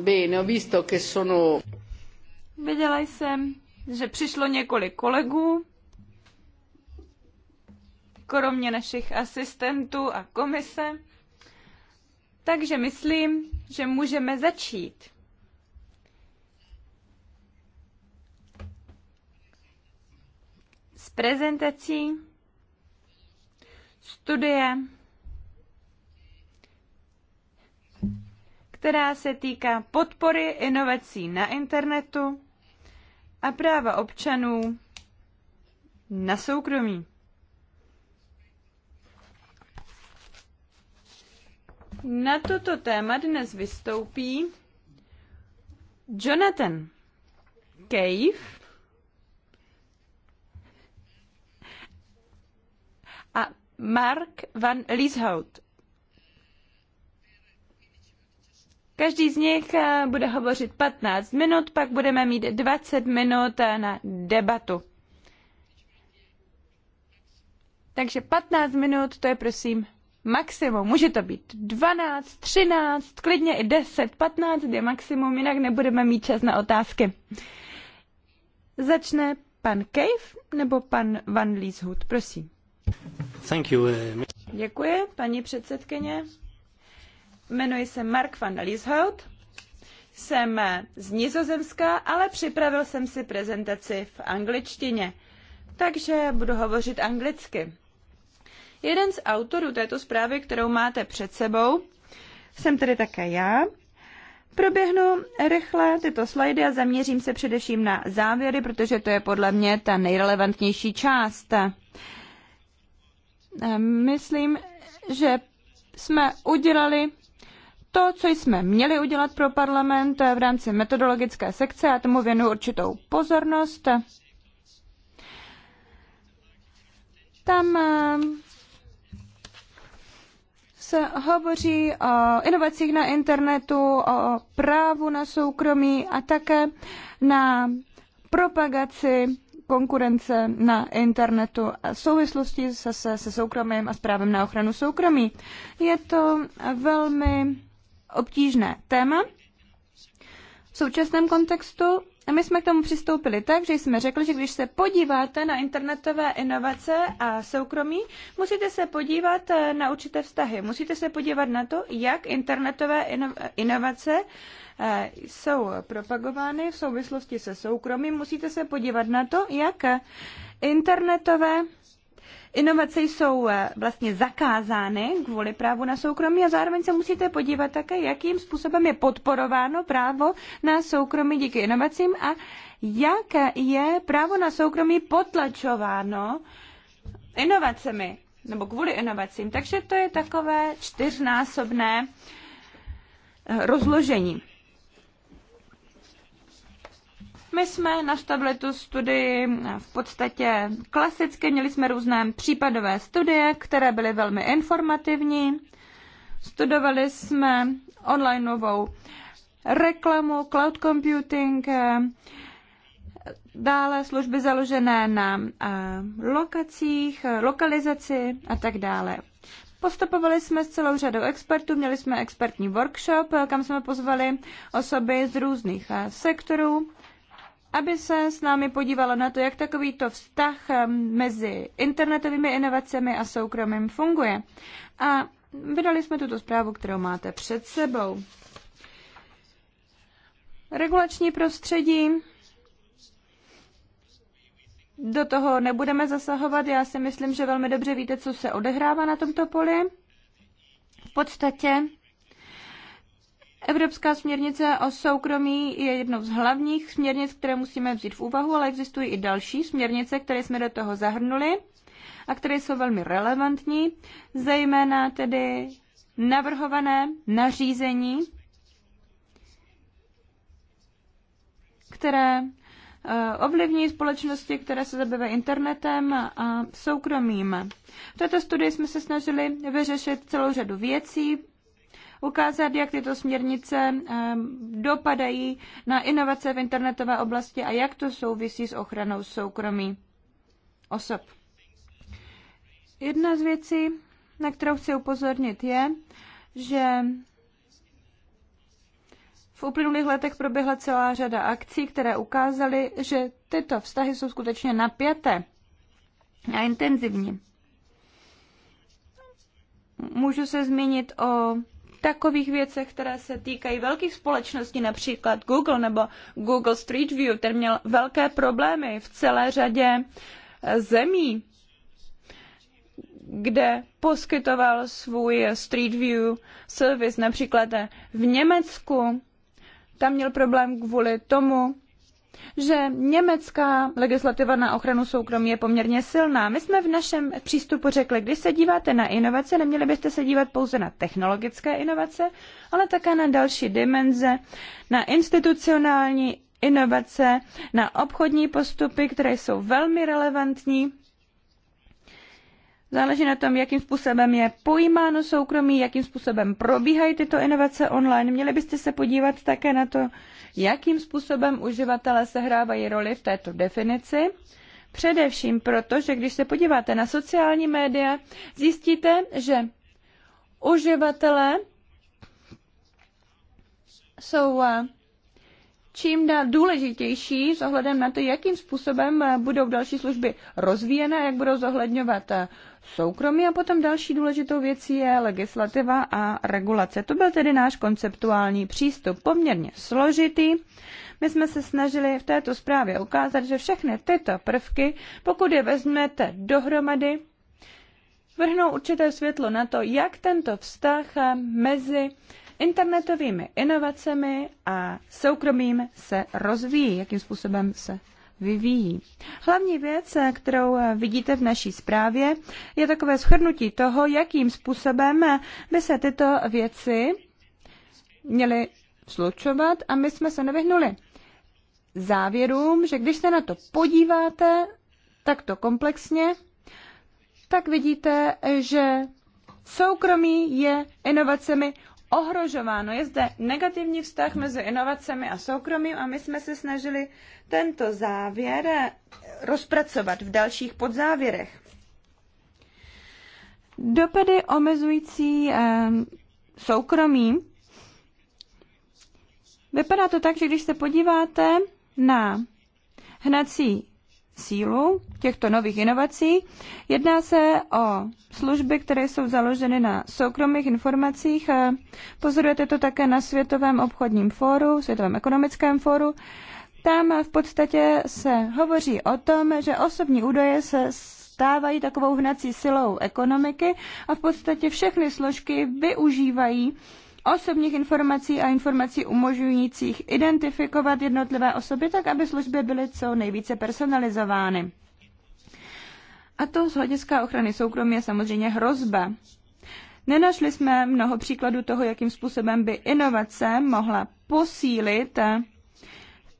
Bene, ho visto che sono... Viděla jsem, že přišlo několik kolegů, kromě našich asistentů a komise. Takže myslím, že můžeme začít. S prezentací studie která se týká podpory inovací na internetu a práva občanů na soukromí. Na toto téma dnes vystoupí Jonathan Cave a Mark van Lieshout. Každý z nich eh, bude hovořit 15 minut, pak budeme mít 20 minut eh, na debatu. Takže 15 minut, to je prosím maximum. Může to být 12, 13, klidně i 10, 15 je maximum, jinak nebudeme mít čas na otázky. Začne pan Cave nebo pan Van Lieshout, prosím. Thank you. Eh, Děkuji, paní předsedkyně. Jmenuji se Mark van der Lieshout, jsem z Nizozemska, ale připravil jsem si prezentaci v angličtině, takže budu hovořit anglicky. Jeden z autorů této zprávy, kterou máte před sebou, jsem tedy také já. Proběhnu rychle tyto slajdy a zaměřím se především na závěry, protože to je podle mě ta nejrelevantnější část. Myslím, že jsme udělali to, co jsme měli udělat pro parlament eh, v rámci metodologické sekce, a tomu věnu určitou pozornost. Tam eh, se hovoří o inovacích na internetu, o právu na soukromí a také na propagaci konkurence na internetu a souvislosti se, se, se soukromím a s právem na ochranu soukromí. Je to velmi obtížné téma v současném kontextu. A my jsme k tomu přistoupili tak, že jsme řekli, že když se podíváte na internetové inovace a soukromí, musíte se podívat eh, na určité vztahy. Musíte se podívat na to, jak internetové inovace eh, jsou propagovány v souvislosti se soukromím. Musíte se podívat na to, jak internetové Inovace jsou eh, vlastně zakázány kvůli právu na soukromí a zároveň se musíte podívat také, jakým způsobem je podporováno právo na soukromí díky inovacím a jak je právo na soukromí potlačováno inovacemi nebo kvůli inovacím. Takže to je takové čtyřnásobné eh, rozložení. My jsme nastavili tu studii v podstatě klasicky, měli jsme různé případové studie, které byly velmi informativní. Studovali jsme onlineovou reklamu, cloud computing, eh, dále služby založené na eh, lokacích, lokalizaci a tak dále. Postupovali jsme s celou řadou expertů, měli jsme expertní workshop, eh, kam jsme pozvali osoby z různých sektorů aby se s námi podívala na to, jak takovýto vztah mezi internetovými inovacemi a soukromým funguje. A vydali jsme tuto zprávu, kterou máte před sebou. Regulační prostředí. Do toho nebudeme zasahovat. Já si myslím, že velmi dobře víte, co se odehrává na tomto poli. V podstatě Evropská směrnice o soukromí je jednou z hlavních směrnic, které musíme vzít v úvahu, ale existují i další směrnice, které jsme do toho zahrnuli a které jsou velmi relevantní, zejména tedy navrhované nařízení, které eh, ovlivní společnosti, které se zabývají internetem a soukromím. V této studii jsme se snažili vyřešit celou řadu věcí, ukázat, jak tyto směrnice ehm, dopadají na inovace v internetové oblasti a jak to souvisí s ochranou soukromí osob. Jedna z věcí, na kterou chci upozornit, je, že v uplynulých letech proběhla celá řada akcí, které ukázaly, že tyto vztahy jsou skutečně napjaté a intenzivní. Můžu se zmínit o takových věcech, které se týkají velkých společností, například Google nebo Google Street View, ten měl velké problémy v celé řadě eh, zemí, kde poskytoval svůj Street View service, například v Německu. Tam měl problém kvůli tomu, že německá legislativa na ochranu soukromí je poměrně silná. My jsme v našem přístupu řekli, když se díváte na inovace, neměli byste se dívat pouze na technologické inovace, ale také na další dimenze, na institucionální inovace, na obchodní postupy, které jsou velmi relevantní Záleží na tom, jakým způsobem je pojímáno soukromí, jakým způsobem probíhají tyto inovace online. Měli byste se podívat také na to, jakým způsobem uživatelé sehrávají roli v této definici. Především proto, že když se podíváte na sociální média, zjistíte, že uživatelé jsou eh, čím dál důležitější s ohledem na to, jakým způsobem eh, budou další služby rozvíjené, jak budou zohledňovat eh, soukromí. A potom další důležitou věcí je legislativa a regulace. To byl tedy náš konceptuální přístup, poměrně složitý. My jsme se snažili v této zprávě ukázat, že všechny tyto prvky, pokud je vezmete dohromady, vrhnou určité světlo na to, jak tento vztah eh, mezi internetovými inovacemi a soukromým se rozvíjí, jakým způsobem se vyvíjí. Hlavní věc, kterou vidíte v naší zprávě, je takové shrnutí toho, jakým způsobem by se tyto věci měly slučovat a my jsme se nevyhnuli závěrům, že když se na to podíváte takto komplexně, tak vidíte, že soukromí je inovacemi ohrožováno. Je zde negativní vztah mezi inovacemi a soukromím a my jsme se snažili tento závěr rozpracovat v dalších podzávěrech. Dopady omezující soukromí. Vypadá to tak, že když se podíváte na hnací cílů těchto nových inovací. Jedná se o služby, které jsou založeny na soukromých informacích. Pozorujete to také na Světovém obchodním fóru, Světovém ekonomickém fóru. Tam v podstatě se hovoří o tom, že osobní údaje se stávají takovou hnací silou ekonomiky a v podstatě všechny složky využívají osobních informací a informací umožňujících identifikovat jednotlivé osoby tak, aby služby byly co nejvíce personalizovány. A to z hlediska ochrany soukromí je samozřejmě hrozba. Nenašli jsme mnoho příkladů toho, jakým způsobem by inovace mohla posílit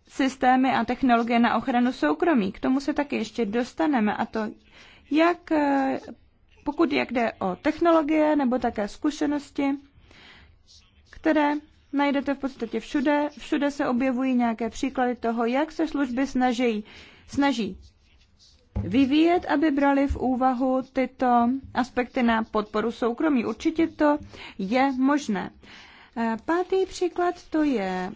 systémy a technologie na ochranu soukromí. K tomu se taky ještě dostaneme a to, jak, pokud jak jde o technologie nebo také zkušenosti, které najdete v podstatě všude. Všude se objevují nějaké příklady toho, jak se služby snaží, snaží vyvíjet, aby brali v úvahu tyto aspekty na podporu soukromí. Určitě to je možné. Eh, pátý příklad to je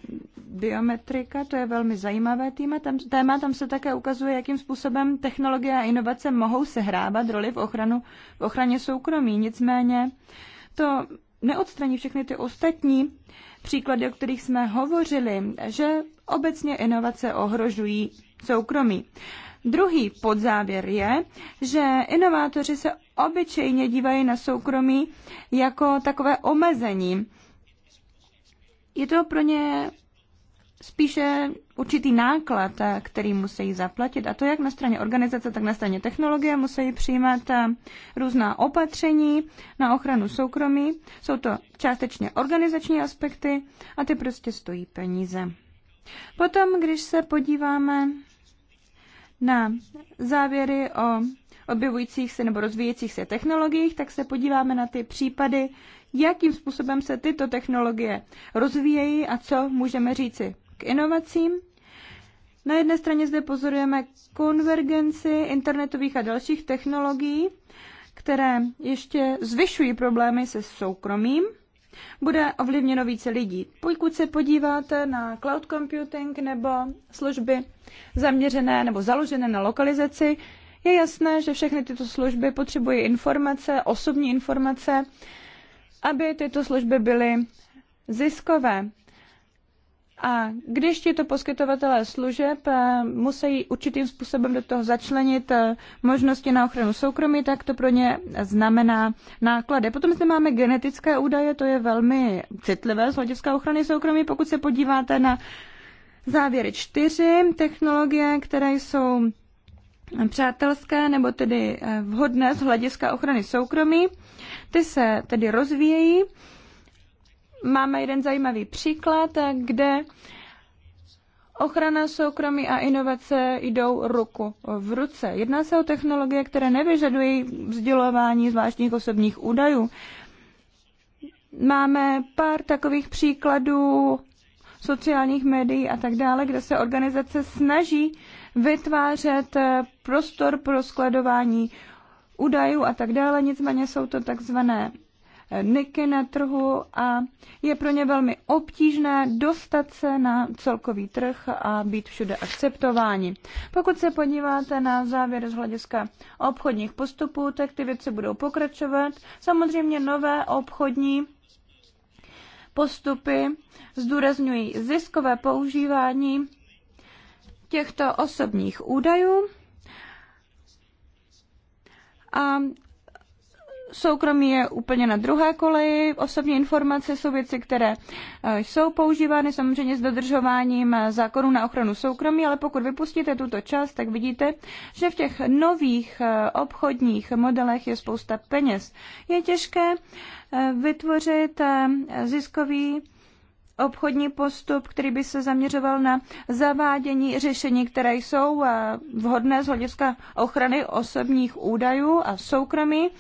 biometrika, to je velmi zajímavé téma. Tam, téma, tam se také ukazuje, jakým způsobem technologie a inovace mohou sehrávat roli v, ochranu, v ochraně soukromí. Nicméně to neodstraní všechny ty ostatní příklady, o kterých jsme hovořili, že obecně inovace ohrožují soukromí. Druhý podzávěr je, že inovátoři se obyčejně dívají na soukromí jako takové omezení. Je to pro ně spíše určitý náklad, který musí zaplatit. A to jak na straně organizace, tak na straně technologie musí přijímat různá opatření na ochranu soukromí. Jsou to částečně organizační aspekty a ty prostě stojí peníze. Potom, když se podíváme na závěry o objevujících se nebo rozvíjecích se technologiích, tak se podíváme na ty případy, jakým způsobem se tyto technologie rozvíjejí a co můžeme říci k inovacím. Na jedné straně zde pozorujeme konvergenci internetových a dalších technologií, které ještě zvyšují problémy se soukromím. Bude ovlivněno více lidí. Pokud se podíváte na cloud computing nebo služby zaměřené nebo založené na lokalizaci, je jasné, že všechny tyto služby potřebují informace, osobní informace, aby tyto služby byly ziskové. A když ti to poskytovatelé služeb eh, musí určitým způsobem do toho začlenit eh, možnosti na ochranu soukromí, tak to pro ně znamená náklady. Potom zde máme genetické údaje, to je velmi citlivé z hlediska ochrany soukromí. Pokud se podíváte na závěry čtyři technologie, které jsou přátelské nebo tedy eh, vhodné z hlediska ochrany soukromí, ty se tedy rozvíjejí máme jeden zajímavý příklad, kde ochrana soukromí a inovace jdou ruku v ruce. Jedná se o technologie, které nevyžadují vzdělování zvláštních osobních údajů. Máme pár takových příkladů sociálních médií a tak dále, kde se organizace snaží vytvářet prostor pro skladování údajů a tak dále, nicméně jsou to takzvané niky na trhu a je pro ně velmi obtížné dostat se na celkový trh a být všude akceptováni. Pokud se podíváte na závěr z hlediska obchodních postupů, tak ty věci budou pokračovat. Samozřejmě nové obchodní postupy zdůrazňují ziskové používání těchto osobních údajů a Soukromí je úplně na druhé koleji. Osobní informace jsou věci, které eh, jsou používány samozřejmě s dodržováním eh, zákonu na ochranu soukromí, ale pokud vypustíte tuto část, tak vidíte, že v těch nových eh, obchodních modelech je spousta peněz. Je těžké vytvořit ziskový obchodní postup, který by se zaměřoval na zavádění řešení, které jsou vhodné z hlediska ochrany osobních údajů a soukromí.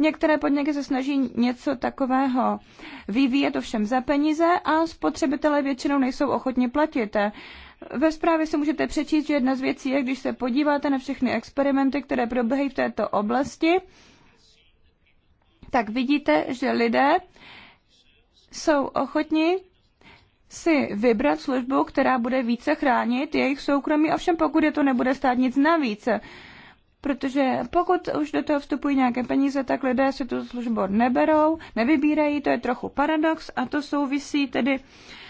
Některé podniky se snaží něco takového vyvíjet ovšem za peníze a spotřebitelé většinou nejsou ochotni platit. Ve zprávě si můžete přečíst, že jedna z věcí je, když se podíváte na všechny experimenty, které probíhají v této oblasti, tak vidíte, že lidé jsou ochotni si vybrat službu, která bude více chránit jejich soukromí, ovšem pokud je to nebude stát nic navíc. Protože pokud už do toho vstupují nějaké peníze, tak lidé si tu službu neberou, nevybírají, to je trochu paradox a to souvisí tedy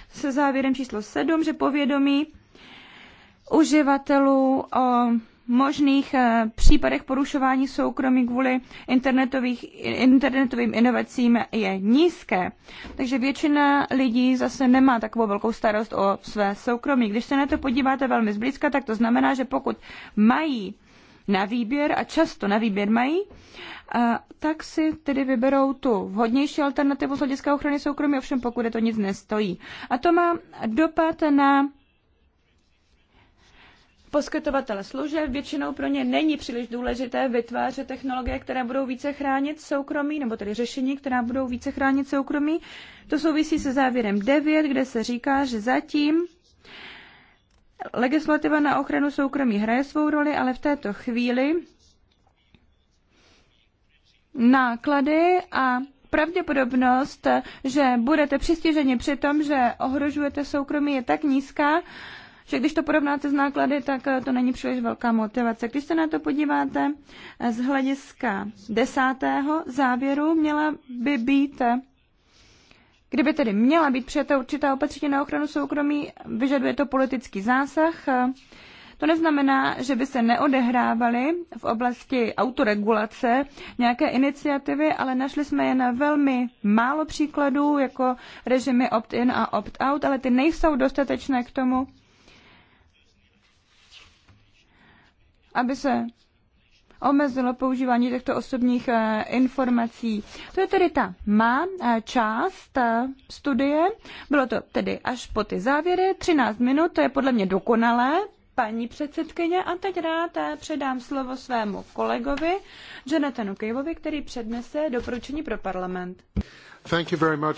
se závěrem číslo 7, že povědomí uživatelů o možných eh, případech porušování soukromí kvůli internetovým inovacím je nízké. Takže většina lidí zase nemá takovou velkou starost o své soukromí. Když se na to podíváte velmi zblízka, tak to znamená, že pokud mají na výběr a často na výběr mají, a tak si tedy vyberou tu vhodnější alternativu z hlediska ochrany soukromí, ovšem pokud je to nic nestojí. A to má dopad na poskytovatele služeb. Většinou pro ně není příliš důležité vytvářet technologie, které budou více chránit soukromí, nebo tedy řešení, která budou více chránit soukromí. To souvisí se závěrem 9, kde se říká, že zatím Legislativa na ochranu soukromí hraje svou roli, ale v této chvíli náklady a pravděpodobnost, že budete přistiženi při tom, že ohrožujete soukromí, je tak nízká, že když to porovnáte s náklady, tak eh, to není příliš velká motivace. Když se na to podíváte eh, z hlediska desátého závěru, měla by být eh, Kdyby tedy měla být přijata určitá opatření na ochranu soukromí, vyžaduje to politický zásah. To neznamená, že by se neodehrávaly v oblasti autoregulace nějaké iniciativy, ale našli jsme jen velmi málo příkladů, jako režimy opt-in a opt-out, ale ty nejsou dostatečné k tomu, aby se omezilo používání těchto osobních eh, informací. To je tedy ta má eh, část eh, studie. Bylo to tedy až po ty závěry, 13 minut, to je podle mě dokonalé, paní předsedkyně, a teď rád předám slovo svému kolegovi Jonathanu Kejvovi, který přednese doporučení pro parlament. Thank you very much.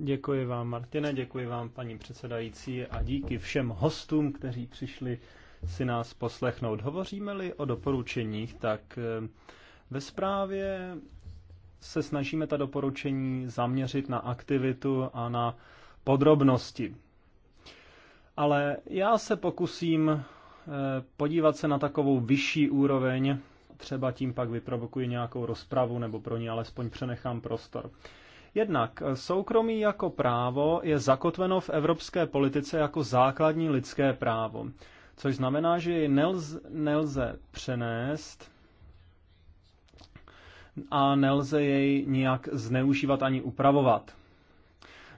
Děkuji vám, Martine, děkuji vám, paní předsedající, a díky všem hostům, kteří přišli si nás poslechnout. Hovoříme-li o doporučeních, tak eh, ve zprávě se snažíme ta doporučení zaměřit na aktivitu a na podrobnosti. Ale já se pokusím eh, podívat se na takovou vyšší úroveň, třeba tím pak vyprovokuji nějakou rozpravu nebo pro ní alespoň přenechám prostor. Jednak eh, soukromí jako právo je zakotveno v evropské politice jako základní lidské právo což znamená, že ji nelze, nelze přenést a nelze jej nijak zneužívat ani upravovat.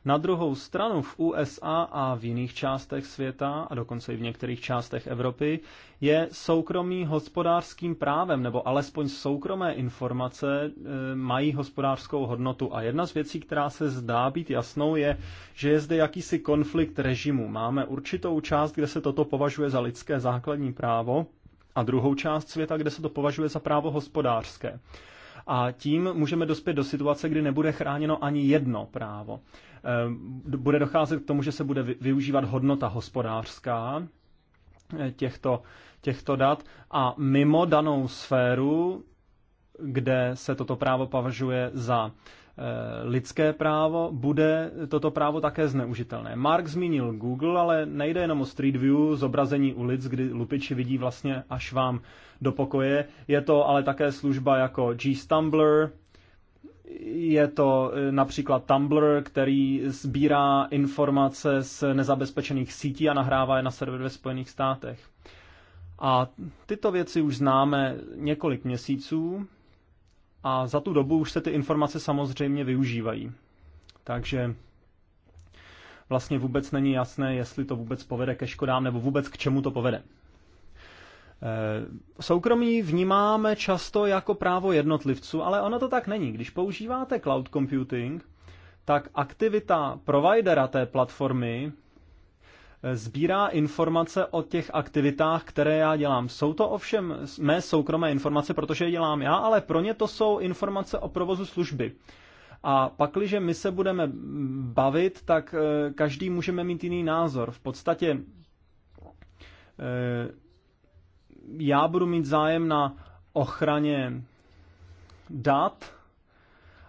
Na druhou stranu v USA a v jiných částech světa, a dokonce i v některých částech Evropy, je soukromý hospodářským právem, nebo alespoň soukromé informace e, mají hospodářskou hodnotu. A jedna z věcí, která se zdá být jasnou, je, že je zde jakýsi konflikt režimu. Máme určitou část, kde se toto považuje za lidské základní právo, a druhou část světa, kde se to považuje za právo hospodářské. A tím můžeme dospět do situace, kdy nebude chráněno ani jedno právo. Ehm, bude docházet k tomu, že se bude využívat hodnota hospodářská eh, těchto, těchto dat a mimo danou sféru, kde se toto právo považuje za eh, lidské právo, bude toto právo také zneužitelné. Mark zmínil Google, ale nejde jenom o Street View, zobrazení ulic, kdy lupiči vidí vlastně až vám do pokoje. Je to ale také služba jako G-Stumbler, je to eh, například Tumblr, který sbírá informace z nezabezpečených sítí a nahrává je na server ve Spojených státech. A tyto věci už známe několik měsíců a za tu dobu už se ty informace samozřejmě využívají. Takže vlastně vůbec není jasné, jestli to vůbec povede ke škodám nebo vůbec k čemu to povede. Eh, soukromí vnímáme často jako právo jednotlivců, ale ono to tak není. Když používáte cloud computing, tak aktivita providera té platformy eh, sbírá informace o těch aktivitách, které já dělám. Jsou to ovšem mé soukromé informace, protože je dělám já, ale pro ně to jsou informace o provozu služby. A pakliže my se budeme bavit, tak eh, každý můžeme mít jiný názor. V podstatě já budu mít zájem na ochraně dat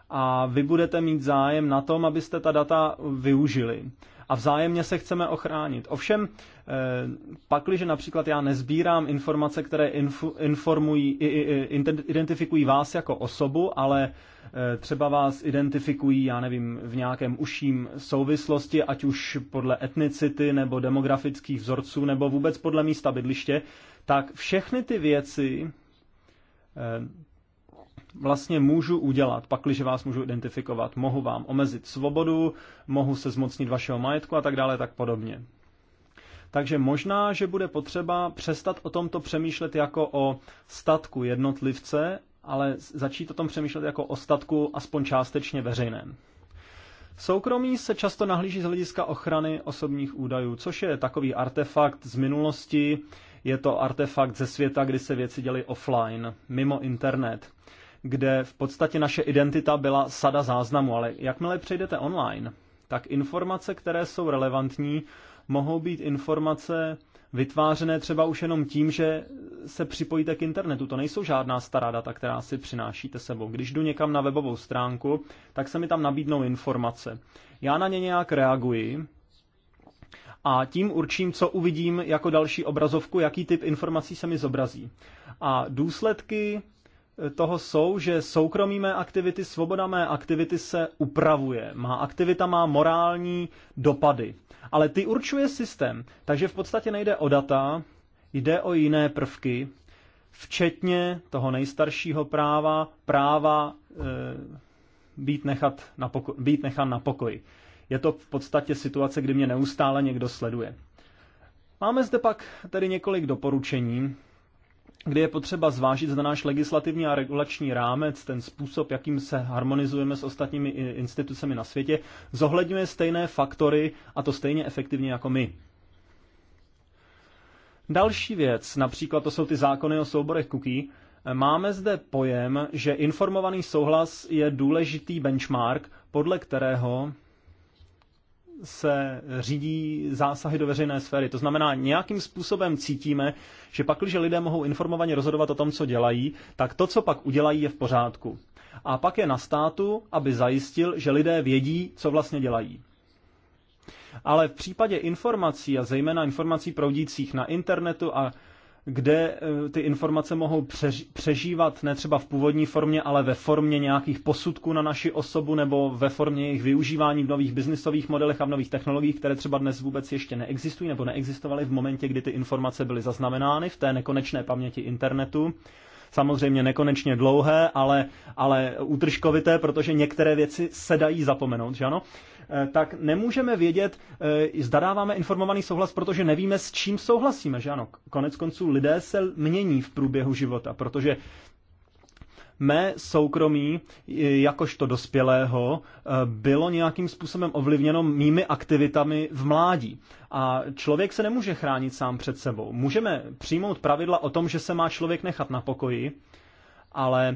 a vy budete mít zájem na tom, abyste ta data využili. A vzájemně se chceme ochránit. Ovšem, eh, pakliže například já nezbírám informace, které informují, identifikují vás jako osobu, ale eh, třeba vás identifikují, já nevím, v nějakém užším souvislosti, ať už podle etnicity nebo demografických vzorců nebo vůbec podle místa bydliště, tak všechny ty věci eh, vlastně můžu udělat, pakliže vás můžu identifikovat. Mohu vám omezit svobodu, mohu se zmocnit vašeho majetku a tak dále, tak podobně. Takže možná, že bude potřeba přestat o tomto přemýšlet jako o statku jednotlivce, ale začít o tom přemýšlet jako o statku aspoň částečně veřejném. Soukromí se často nahlíží z hlediska ochrany osobních údajů, což je takový artefakt z minulosti, je to artefakt ze světa, kdy se věci děly offline, mimo internet, kde v podstatě naše identita byla sada záznamu, ale jakmile přejdete online, tak informace, které jsou relevantní, mohou být informace vytvářené třeba už jenom tím, že se připojíte k internetu. To nejsou žádná stará data, která si přinášíte sebou. Když jdu někam na webovou stránku, tak se mi tam nabídnou informace. Já na ně nějak reaguji, a tím určím, co uvidím jako další obrazovku, jaký typ informací se mi zobrazí. A důsledky eh, toho jsou, že soukromí mé aktivity, svoboda mé aktivity se upravuje. Má aktivita má morální dopady. Ale ty určuje systém, takže v podstatě nejde o data, jde o jiné prvky, včetně toho nejstaršího práva, práva e, být, nechat na poko- být nechan na pokoji je to v podstatě situace, kdy mě neustále někdo sleduje. Máme zde pak tedy několik doporučení, kdy je potřeba zvážit, zda náš legislativní a regulační rámec, ten způsob, jakým se harmonizujeme s ostatními institucemi na světě, zohledňuje stejné faktory a to stejně efektivně jako my. Další věc, například to jsou ty zákony o souborech cookie, Máme zde pojem, že informovaný souhlas je důležitý benchmark, podle kterého se řídí zásahy do veřejné sféry. To znamená, nějakým způsobem cítíme, že pak, když lidé mohou informovaně rozhodovat o tom, co dělají, tak to, co pak udělají, je v pořádku. A pak je na státu, aby zajistil, že lidé vědí, co vlastně dělají. Ale v případě informací a zejména informací proudících na internetu a kde eh, ty informace mohou přežívat ne třeba v původní formě, ale ve formě nějakých posudků na naši osobu nebo ve formě jejich využívání v nových biznisových modelech a v nových technologiích, které třeba dnes vůbec ještě neexistují nebo neexistovaly v momentě, kdy ty informace byly zaznamenány v té nekonečné paměti internetu samozřejmě nekonečně dlouhé, ale, ale útržkovité, protože některé věci se dají zapomenout, že ano? Eh, tak nemůžeme vědět, eh, zda dáváme informovaný souhlas, protože nevíme, s čím souhlasíme, že ano? Konec konců lidé se mění v průběhu života, protože mé soukromí jakožto dospělého e, bylo nějakým způsobem ovlivněno mými aktivitami v mládí. A člověk se nemůže chránit sám před sebou. Můžeme přijmout pravidla o tom, že se má člověk nechat na pokoji, ale e,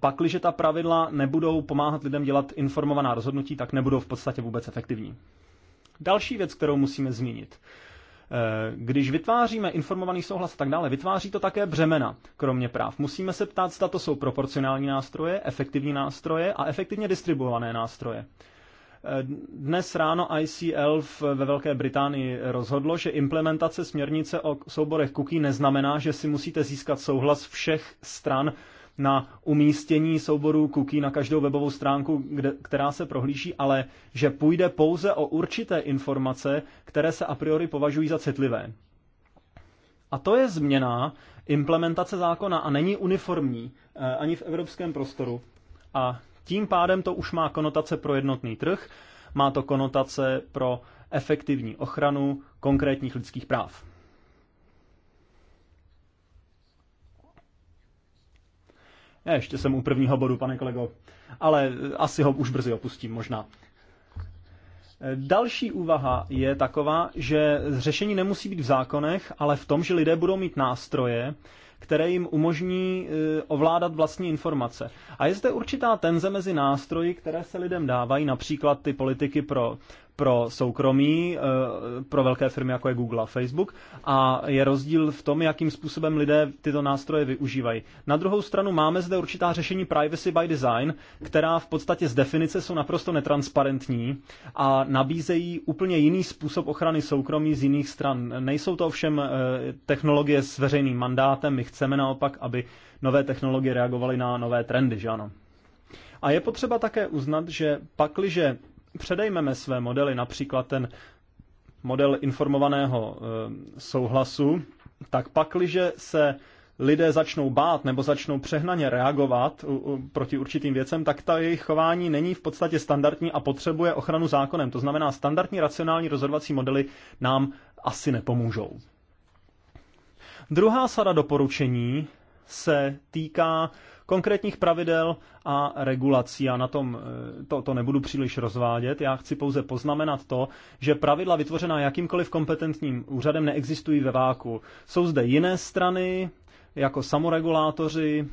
pak, když ta pravidla nebudou pomáhat lidem dělat informovaná rozhodnutí, tak nebudou v podstatě vůbec efektivní. Další věc, kterou musíme zmínit. Eh, když vytváříme informovaný souhlas a tak dále, vytváří to také břemena, kromě práv. Musíme se ptát, zda to jsou proporcionální nástroje, efektivní nástroje a efektivně distribuované nástroje. Eh, dnes ráno ICL ve Velké Británii rozhodlo, že implementace směrnice o souborech cookie neznamená, že si musíte získat souhlas všech stran na umístění souborů cookie na každou webovou stránku, kde, která se prohlíží, ale že půjde pouze o určité informace, které se a priori považují za citlivé. A to je změna implementace zákona a není uniformní eh, ani v evropském prostoru. A tím pádem to už má konotace pro jednotný trh, má to konotace pro efektivní ochranu konkrétních lidských práv. Já ještě jsem u prvního bodu, pane kolego, ale eh, asi ho už brzy opustím možná. Eh, další úvaha je taková, že řešení nemusí být v zákonech, ale v tom, že lidé budou mít nástroje, které jim umožní eh, ovládat vlastní informace. A je zde určitá tenze mezi nástroji, které se lidem dávají, například ty politiky pro pro soukromí, eh, pro velké firmy jako je Google a Facebook a je rozdíl v tom, jakým způsobem lidé tyto nástroje využívají. Na druhou stranu máme zde určitá řešení privacy by design, která v podstatě z definice jsou naprosto netransparentní a nabízejí úplně jiný způsob ochrany soukromí z jiných stran. Nejsou to ovšem eh, technologie s veřejným mandátem, my chceme naopak, aby nové technologie reagovaly na nové trendy, že ano? A je potřeba také uznat, že pakliže předejmeme své modely, například ten model informovaného eh, souhlasu, tak pakliže se lidé začnou bát nebo začnou přehnaně reagovat proti určitým věcem, tak ta jejich chování není v podstatě standardní a potřebuje ochranu zákonem. To znamená, standardní racionální rozhodovací modely nám asi nepomůžou. Druhá sada doporučení se týká konkrétních pravidel a regulací. A na tom eh, to, to nebudu příliš rozvádět. Já chci pouze poznamenat to, že pravidla vytvořená jakýmkoliv kompetentním úřadem neexistují ve váku. Jsou zde jiné strany, jako samoregulátoři,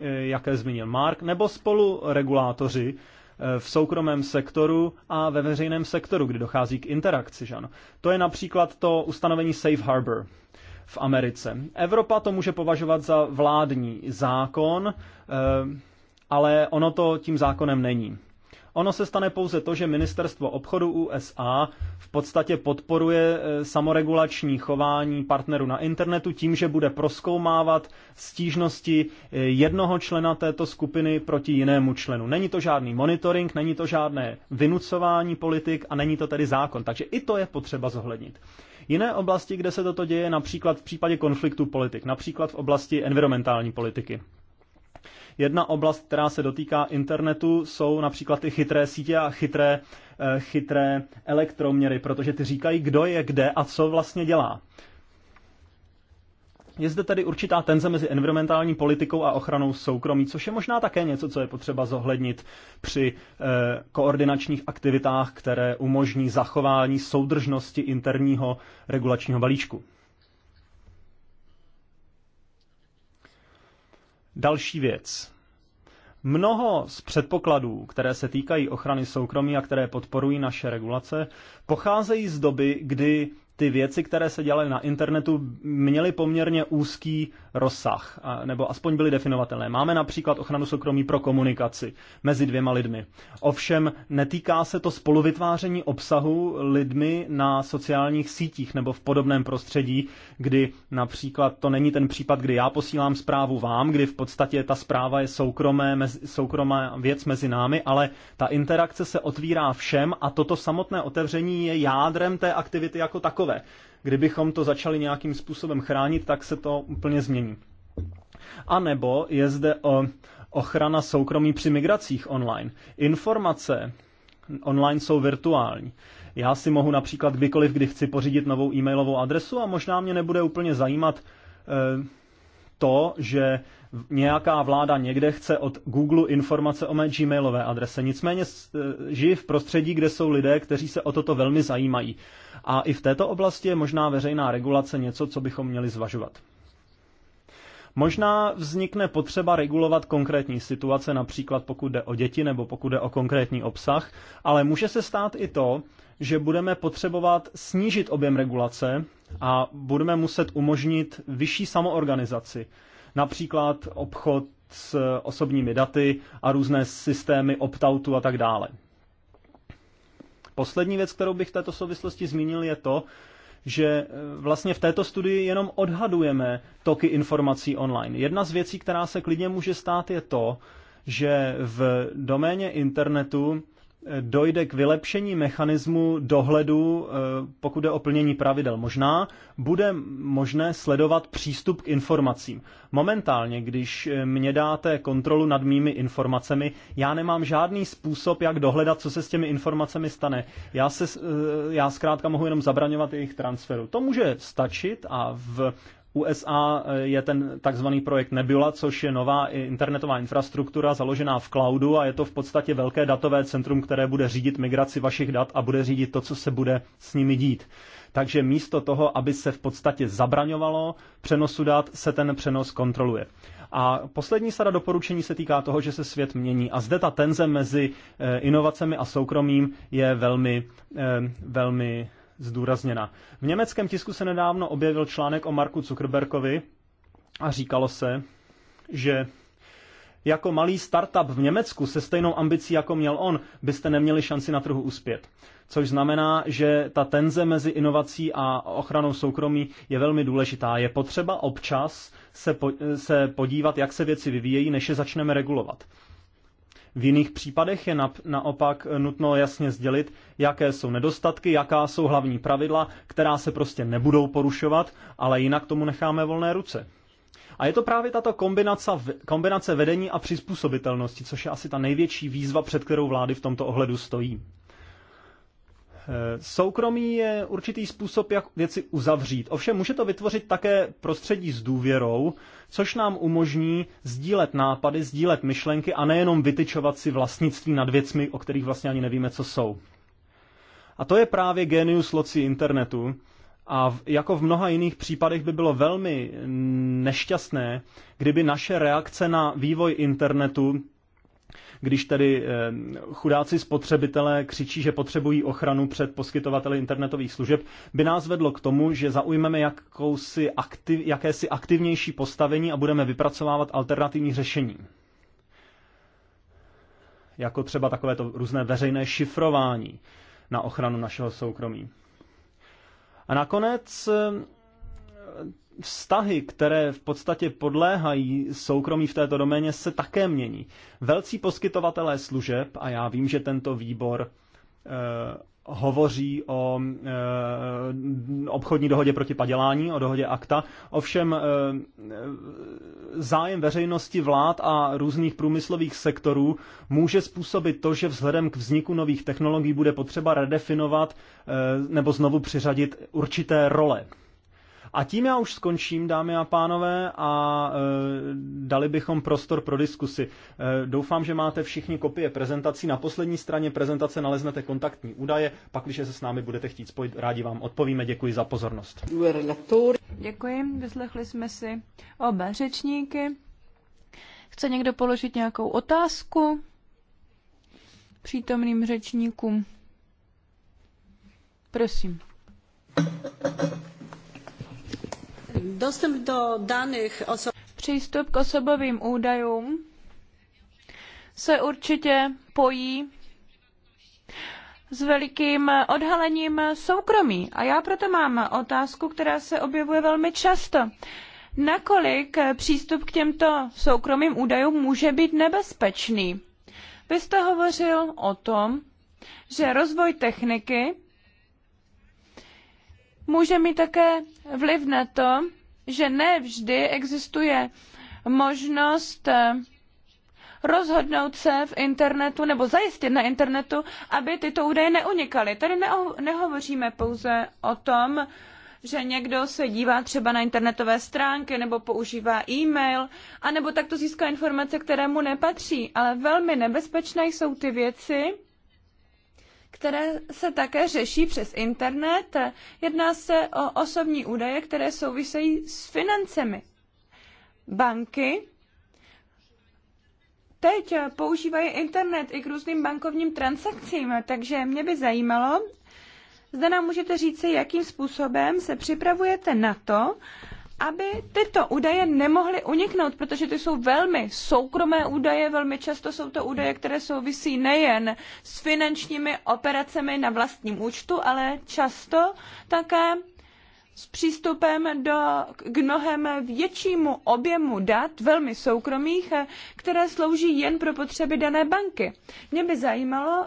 eh, jaké zmínil Mark, nebo spoluregulátoři, eh, v soukromém sektoru a ve veřejném sektoru, kdy dochází k interakci. Že ano? To je například to ustanovení Safe Harbor v Americe. Evropa to může považovat za vládní zákon, eh, ale ono to tím zákonem není. Ono se stane pouze to, že ministerstvo obchodu USA v podstatě podporuje eh, samoregulační chování partnerů na internetu tím, že bude proskoumávat stížnosti eh, jednoho člena této skupiny proti jinému členu. Není to žádný monitoring, není to žádné vynucování politik a není to tedy zákon. Takže i to je potřeba zohlednit. Jiné oblasti, kde se toto děje, například v případě konfliktu politik, například v oblasti environmentální politiky. Jedna oblast, která se dotýká internetu, jsou například ty chytré sítě a chytré, eh, chytré elektroměry, protože ty říkají, kdo je kde a co vlastně dělá. Je zde tedy určitá tenze mezi environmentální politikou a ochranou soukromí, což je možná také něco, co je potřeba zohlednit při eh, koordinačních aktivitách, které umožní zachování soudržnosti interního regulačního balíčku. Další věc. Mnoho z předpokladů, které se týkají ochrany soukromí a které podporují naše regulace, pocházejí z doby, kdy ty věci, které se dělaly na internetu, měly poměrně úzký rozsah, nebo aspoň byly definovatelné. Máme například ochranu soukromí pro komunikaci mezi dvěma lidmi. Ovšem netýká se to spoluvytváření obsahu lidmi na sociálních sítích nebo v podobném prostředí, kdy například to není ten případ, kdy já posílám zprávu vám, kdy v podstatě ta zpráva je soukromé, soukromá věc mezi námi, ale ta interakce se otvírá všem a toto samotné otevření je jádrem té aktivity jako takové citlivé. Kdybychom to začali nějakým způsobem chránit, tak se to úplně změní. A nebo je zde o eh, ochrana soukromí při migracích online. Informace online jsou virtuální. Já si mohu například kdykoliv, kdy chci pořídit novou e-mailovou adresu a možná mě nebude úplně zajímat eh, to, že nějaká vláda někde chce od Google informace o mé gmailové adrese. Nicméně e, žijí v prostředí, kde jsou lidé, kteří se o toto velmi zajímají. A i v této oblasti je možná veřejná regulace něco, co bychom měli zvažovat. Možná vznikne potřeba regulovat konkrétní situace, například pokud jde o děti nebo pokud jde o konkrétní obsah, ale může se stát i to, že budeme potřebovat snížit objem regulace a budeme muset umožnit vyšší samoorganizaci například obchod s osobními daty a různé systémy opt-outu a tak dále. Poslední věc, kterou bych v této souvislosti zmínil, je to, že eh, vlastně v této studii jenom odhadujeme toky informací online. Jedna z věcí, která se klidně může stát, je to, že v doméně internetu dojde k vylepšení mechanismu dohledu, eh, pokud je o plnění pravidel. Možná bude možné sledovat přístup k informacím. Momentálně, když eh, mě dáte kontrolu nad mými informacemi, já nemám žádný způsob, jak dohledat, co se s těmi informacemi stane. Já, se, eh, já zkrátka mohu jenom zabraňovat jejich transferu. To může stačit a v USA eh, je ten takzvaný projekt Nebula, což je nová internetová infrastruktura založená v cloudu a je to v podstatě velké datové centrum, které bude řídit migraci vašich dat a bude řídit to, co se bude s nimi dít. Takže místo toho, aby se v podstatě zabraňovalo přenosu dat, se ten přenos kontroluje. A poslední sada doporučení se týká toho, že se svět mění. A zde ta tenze mezi eh, inovacemi a soukromím je velmi, eh, velmi zdůrazněna. V německém tisku se nedávno objevil článek o Marku Zuckerbergovi a říkalo se, že jako malý startup v Německu se stejnou ambicí, jako měl on, byste neměli šanci na trhu uspět. Což znamená, že ta tenze mezi inovací a ochranou soukromí je velmi důležitá. Je potřeba občas se, po, se podívat, jak se věci vyvíjejí, než je začneme regulovat. V jiných případech je naopak nutno jasně sdělit, jaké jsou nedostatky, jaká jsou hlavní pravidla, která se prostě nebudou porušovat, ale jinak tomu necháme volné ruce. A je to právě tato kombinace, kombinace vedení a přizpůsobitelnosti, což je asi ta největší výzva, před kterou vlády v tomto ohledu stojí. Eh, soukromí je určitý způsob, jak věci uzavřít. Ovšem může to vytvořit také prostředí s důvěrou, což nám umožní sdílet nápady, sdílet myšlenky a nejenom vytyčovat si vlastnictví nad věcmi, o kterých vlastně ani nevíme, co jsou. A to je právě genius loci internetu. A v, jako v mnoha jiných případech by bylo velmi nešťastné, kdyby naše reakce na vývoj internetu když tedy eh, chudáci spotřebitelé křičí, že potřebují ochranu před poskytovateli internetových služeb, by nás vedlo k tomu, že zaujmeme jakousi aktiv, jakési aktivnější postavení a budeme vypracovávat alternativní řešení. Jako třeba takovéto různé veřejné šifrování na ochranu našeho soukromí. A nakonec eh, vztahy, které v podstatě podléhají soukromí v této doméně, se také mění. Velcí poskytovatelé služeb, a já vím, že tento výbor eh, hovoří o eh, obchodní dohodě proti padělání, o dohodě akta, ovšem eh, zájem veřejnosti vlád a různých průmyslových sektorů může způsobit to, že vzhledem k vzniku nových technologií bude potřeba redefinovat eh, nebo znovu přiřadit určité role a tím já už skončím, dámy a pánové, a e, dali bychom prostor pro diskusy. E, doufám, že máte všichni kopie prezentací. Na poslední straně prezentace naleznete kontaktní údaje. Pak, když se s námi budete chtít spojit, rádi vám odpovíme. Děkuji za pozornost. Děkuji, vyslechli jsme si oba řečníky. Chce někdo položit nějakou otázku přítomným řečníkům? Prosím. Dostęp do danych Přístup k osobovým údajům se určitě pojí s velikým odhalením soukromí. A já proto mám otázku, která se objevuje velmi často. Nakolik přístup k těmto soukromým údajům může být nebezpečný? Vy jste hovořil o tom, že rozvoj techniky může mít také vliv na to, že ne vždy existuje možnost eh, rozhodnout se v internetu nebo zajistit na internetu, aby tyto údaje neunikaly. Tady nehovoříme pouze o tom, že někdo se dívá třeba na internetové stránky nebo používá e-mail, anebo takto získá informace, které mu nepatří. Ale velmi nebezpečné jsou ty věci, které se také řeší přes internet. Jedná se o osobní údaje, které souvisejí s financemi. Banky teď používají internet i k různým bankovním transakcím, takže mě by zajímalo, zda nám můžete říci, jakým způsobem se připravujete na to, aby tyto údaje nemohly uniknout, protože ty jsou velmi soukromé údaje, velmi často jsou to údaje, které souvisí nejen s finančními operacemi na vlastním účtu, ale často také s přístupem do, k mnohem většímu objemu dat, velmi soukromých, které slouží jen pro potřeby dané banky. Mě by zajímalo,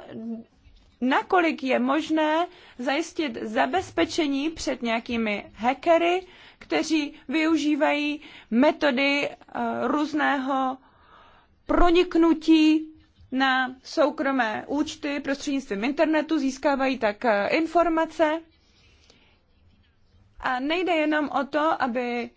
nakolik je možné zajistit zabezpečení před nějakými hackery, kteří využívají metody eh, různého proniknutí na soukromé účty prostřednictvím internetu, získávají tak eh, informace. A nejde jenom o to, aby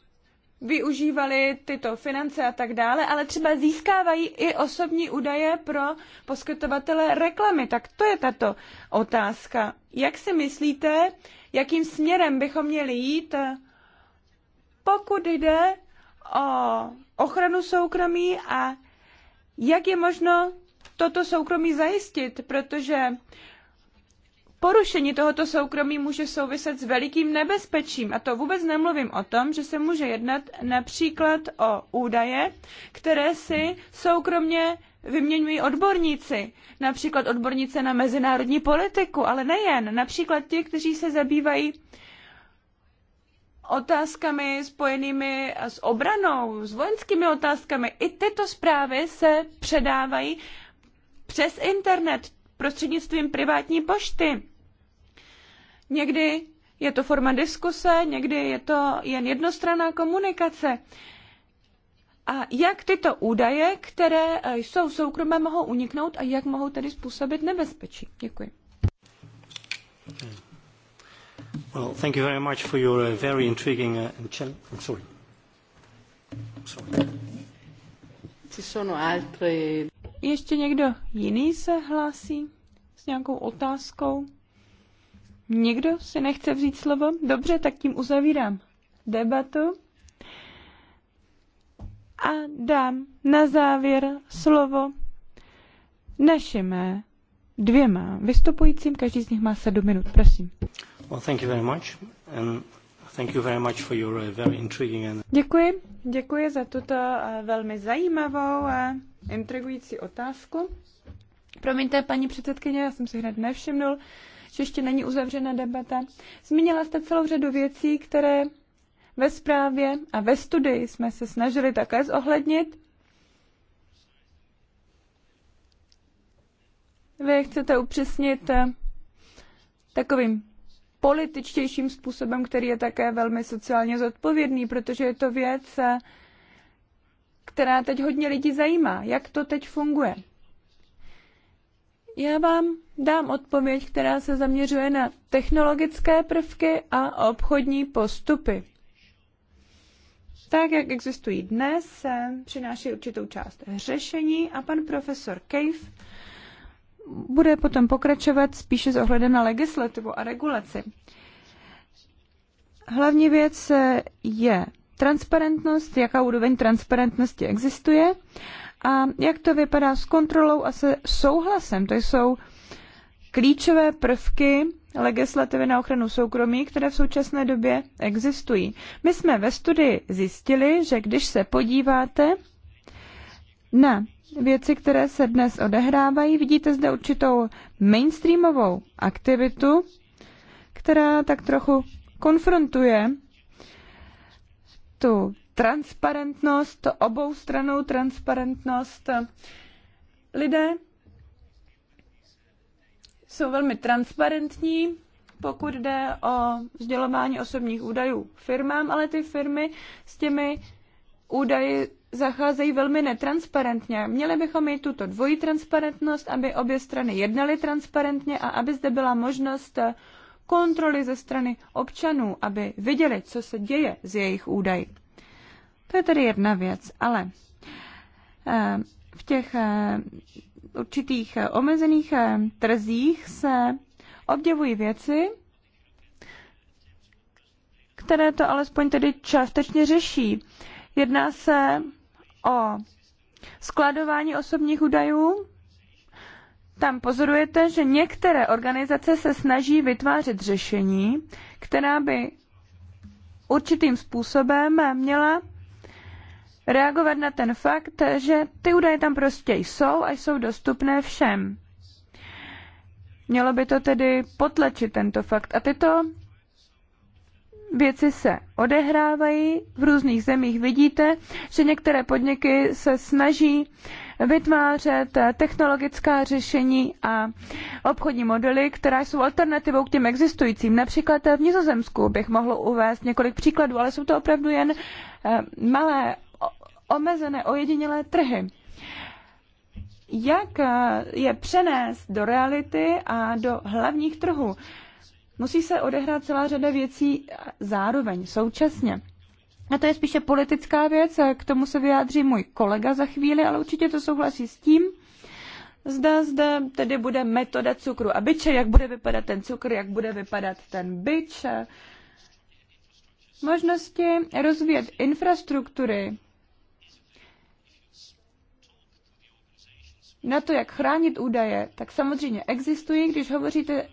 využívali tyto finance a tak dále, ale třeba získávají i osobní údaje pro poskytovatele reklamy. Tak to je tato otázka. Jak si myslíte, jakým směrem bychom měli jít eh, pokud jde o ochranu soukromí a jak je možno toto soukromí zajistit, protože Porušení tohoto soukromí může souviset s velikým nebezpečím a to vůbec nemluvím o tom, že se může jednat například o údaje, které si soukromně vyměňují odborníci, například odbornice na mezinárodní politiku, ale nejen, například ti, kteří se zabývají otázkami spojenými s obranou, s vojenskými otázkami. I tyto zprávy se předávají přes internet prostřednictvím privátní pošty. Někdy je to forma diskuse, někdy je to jen jednostranná komunikace. A jak tyto údaje, které eh, jsou soukromé, mohou uniknout a jak mohou tedy způsobit nebezpečí? Děkuji. Okay. Hmm. Well, thank you very much for your uh, very intriguing uh, and I'm sorry. sorry. Ci sono altre... Ještě někdo jiný se hlásí s nějakou otázkou? Někdo si nechce vzít slovo? Dobře, tak tím uzavírám debatu a dám na závěr slovo našim dvěma vystupujícím. Každý z nich má sedm minut, prosím. Well, thank you very much. And thank you very much for your uh, very intriguing and... Děkuji. Děkuji za tuto uh, velmi zajímavou a intrigující otázku. Promiňte, paní předsedkyně, já jsem si hned nevšimnul, že ještě není uzavřena debata. Zmínila jste celou řadu věcí, které ve zprávě a ve studii jsme se snažili také zohlednit. Vy chcete upřesnit uh, takovým političtějším způsobem, který je také velmi sociálně zodpovědný, protože je to věc, eh, která teď hodně lidí zajímá. Jak to teď funguje? Já vám dám odpověď, která se zaměřuje na technologické prvky a obchodní postupy. Tak, jak existují dnes, eh, přináší určitou část řešení a pan profesor Cave bude potom pokračovat spíše s ohledem na legislativu a regulaci. Hlavní věc je transparentnost, jaká úroveň transparentnosti existuje a jak to vypadá s kontrolou a se souhlasem. To jsou klíčové prvky legislativy na ochranu soukromí, které v současné době existují. My jsme ve studii zjistili, že když se podíváte na věci, které se dnes odehrávají. Vidíte zde určitou mainstreamovou aktivitu, která tak trochu konfrontuje tu transparentnost, obou stranou transparentnost. Lidé jsou velmi transparentní, pokud jde o sdělování osobních údajů firmám, ale ty firmy s těmi údaji zacházejí velmi netransparentně. Měli bychom mít tuto dvojí transparentnost, aby obě strany jednaly transparentně a aby zde byla možnost kontroly ze strany občanů, aby viděli, co se děje z jejich údají. To je tedy jedna věc, ale eh, v těch eh, určitých eh, omezených trzích se objevují věci, které to alespoň tedy částečně řeší. Jedná se o skladování osobních údajů, tam pozorujete, že některé organizace se snaží vytvářet řešení, která by určitým způsobem měla reagovat na ten fakt, že ty údaje tam prostě jsou a jsou dostupné všem. Mělo by to tedy potlačit tento fakt. A tyto věci se odehrávají v různých zemích. Vidíte, že některé podniky se snaží vytvářet technologická řešení a obchodní modely, která jsou alternativou k těm existujícím. Například v Nizozemsku bych mohl uvést několik příkladů, ale jsou to opravdu jen eh, malé, omezené, ojedinělé trhy. Jak eh, je přenést do reality a do hlavních trhů? Musí se odehrát celá řada věcí zároveň, současně. A to je spíše politická věc, k tomu se vyjádří můj kolega za chvíli, ale určitě to souhlasí s tím, zda zde tedy bude metoda cukru a byče, jak bude vypadat ten cukr, jak bude vypadat ten byč, možnosti rozvíjet infrastruktury, na to, jak chránit údaje, tak samozřejmě existují, když hovoříte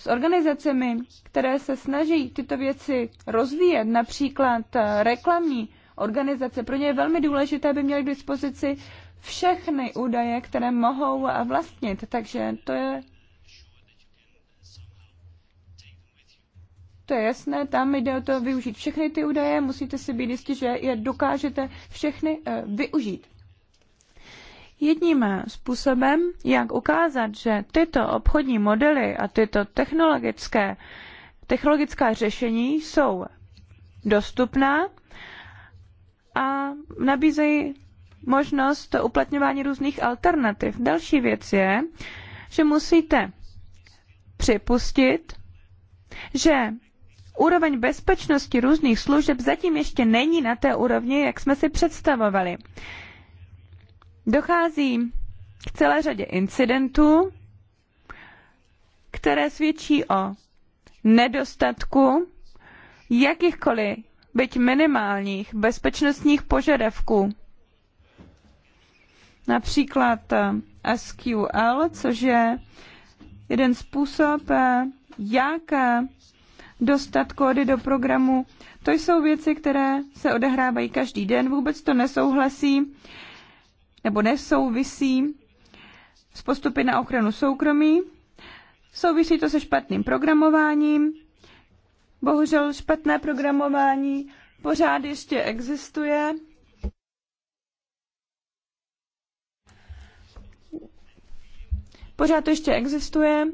s organizacemi, které se snaží tyto věci rozvíjet, například eh, reklamní organizace. Pro ně je velmi důležité, aby měli k dispozici všechny údaje, které mohou eh, vlastnit. Takže to je to je jasné, tam jde o to využít všechny ty údaje, musíte si být jistí, že je dokážete všechny eh, využít. Jedním způsobem, jak ukázat, že tyto obchodní modely a tyto technologické, technologická řešení jsou dostupná a nabízejí možnost uplatňování různých alternativ. Další věc je, že musíte připustit, že úroveň bezpečnosti různých služeb zatím ještě není na té úrovni, jak jsme si představovali. Dochází k celé řadě incidentů, které svědčí o nedostatku jakýchkoliv, byť minimálních, bezpečnostních požadavků. Například eh, SQL, což je jeden způsob, eh, jak eh, dostat kódy do programu. To jsou věci, které se odehrávají každý den. Vůbec to nesouhlasí nebo nesouvisí s postupy na ochranu soukromí. Souvisí to se špatným programováním. Bohužel špatné programování pořád ještě existuje. Pořád to ještě existuje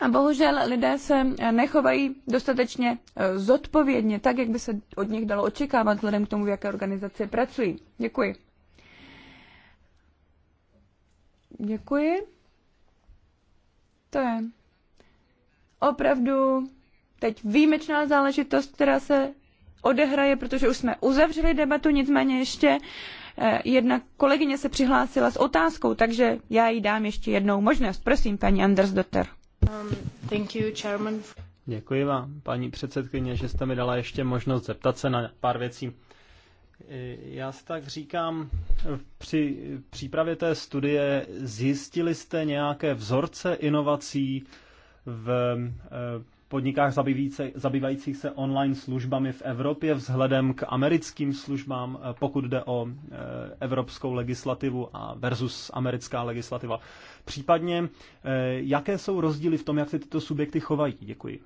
a bohužel lidé se nechovají dostatečně eh, zodpovědně, tak jak by se od nich dalo očekávat, vzhledem k tomu, v jaké organizaci pracují. Děkuji. Děkuji. To je opravdu teď výjimečná záležitost, která se odehraje, protože už jsme uzavřeli debatu, nicméně ještě eh, jedna kolegyně se přihlásila s otázkou, takže já jí dám ještě jednou možnost. Prosím, paní Andersdotter. Um, you, Děkuji vám, paní předsedkyně, že jste mi dala ještě možnost zeptat se na pár věcí. Eh, já si tak říkám, při přípravě té studie zjistili jste nějaké vzorce inovací v eh, podnikách zabývajících se online službami v Evropě vzhledem k americkým službám, eh, pokud jde o evropskou legislativu a versus americká legislativa. Případně, jaké jsou rozdíly v tom, jak se tyto subjekty chovají? Děkuji.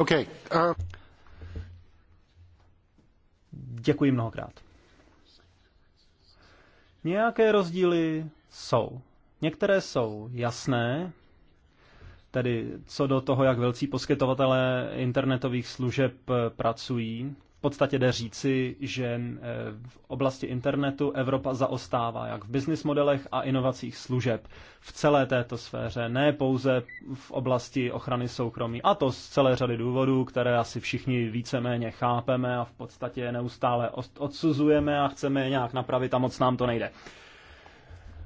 Uh, Děkuji mnohokrát. Nějaké rozdíly jsou. Některé jsou jasné, tedy co do toho, jak velcí poskytovatelé internetových služeb pracují podstatě jde říci, že eh, v oblasti internetu Evropa zaostává jak v business modelech a inovacích služeb v celé této sféře, ne pouze v oblasti ochrany soukromí. A to z celé řady důvodů, které asi všichni víceméně chápeme a v podstatě neustále odsuzujeme a chceme je nějak napravit a moc nám to nejde.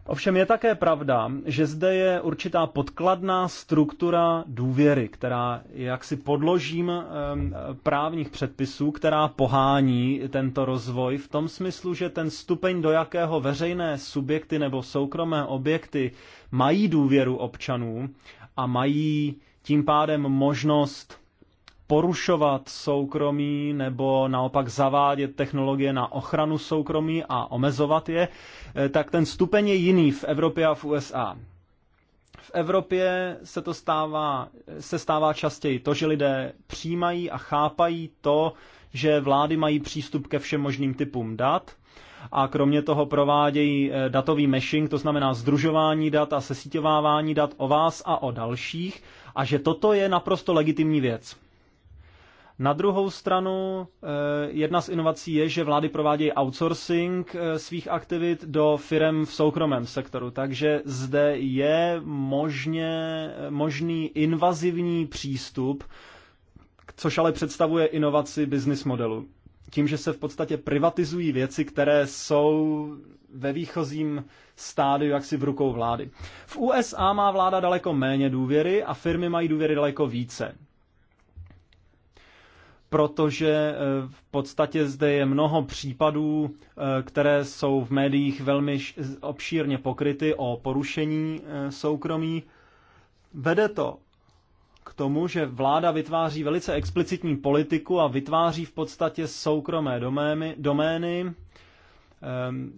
Ovšem je také pravda, že zde je určitá podkladná struktura důvěry, která je jaksi podložím právních předpisů, která pohání tento rozvoj v tom smyslu, že ten stupeň, do jakého veřejné subjekty nebo soukromé objekty mají důvěru občanů a mají tím pádem možnost porušovat soukromí nebo naopak zavádět technologie na ochranu soukromí a omezovat je, eh, tak ten stupeň je jiný v Evropě a v USA. V Evropě se to stává, se stává častěji to, že lidé přijímají a chápají to, že vlády mají přístup ke všem možným typům dat a kromě toho provádějí eh, datový meshing, to znamená združování dat a sesíťovávání dat o vás a o dalších a že toto je naprosto legitimní věc. Na druhou stranu, eh, jedna z inovací je, že vlády provádějí outsourcing eh, svých aktivit do firm v soukromém sektoru, takže zde je možně, eh, možný invazivní přístup, což ale představuje inovaci business modelu. Tím, že se v podstatě privatizují věci, které jsou ve výchozím stádiu jaksi v rukou vlády. V USA má vláda daleko méně důvěry a firmy mají důvěry daleko více protože eh, v podstatě zde je mnoho případů, eh, které jsou v médiích velmi obšírně pokryty o porušení eh, soukromí. Vede to k tomu, že vláda vytváří velice explicitní politiku a vytváří v podstatě soukromé domény, domény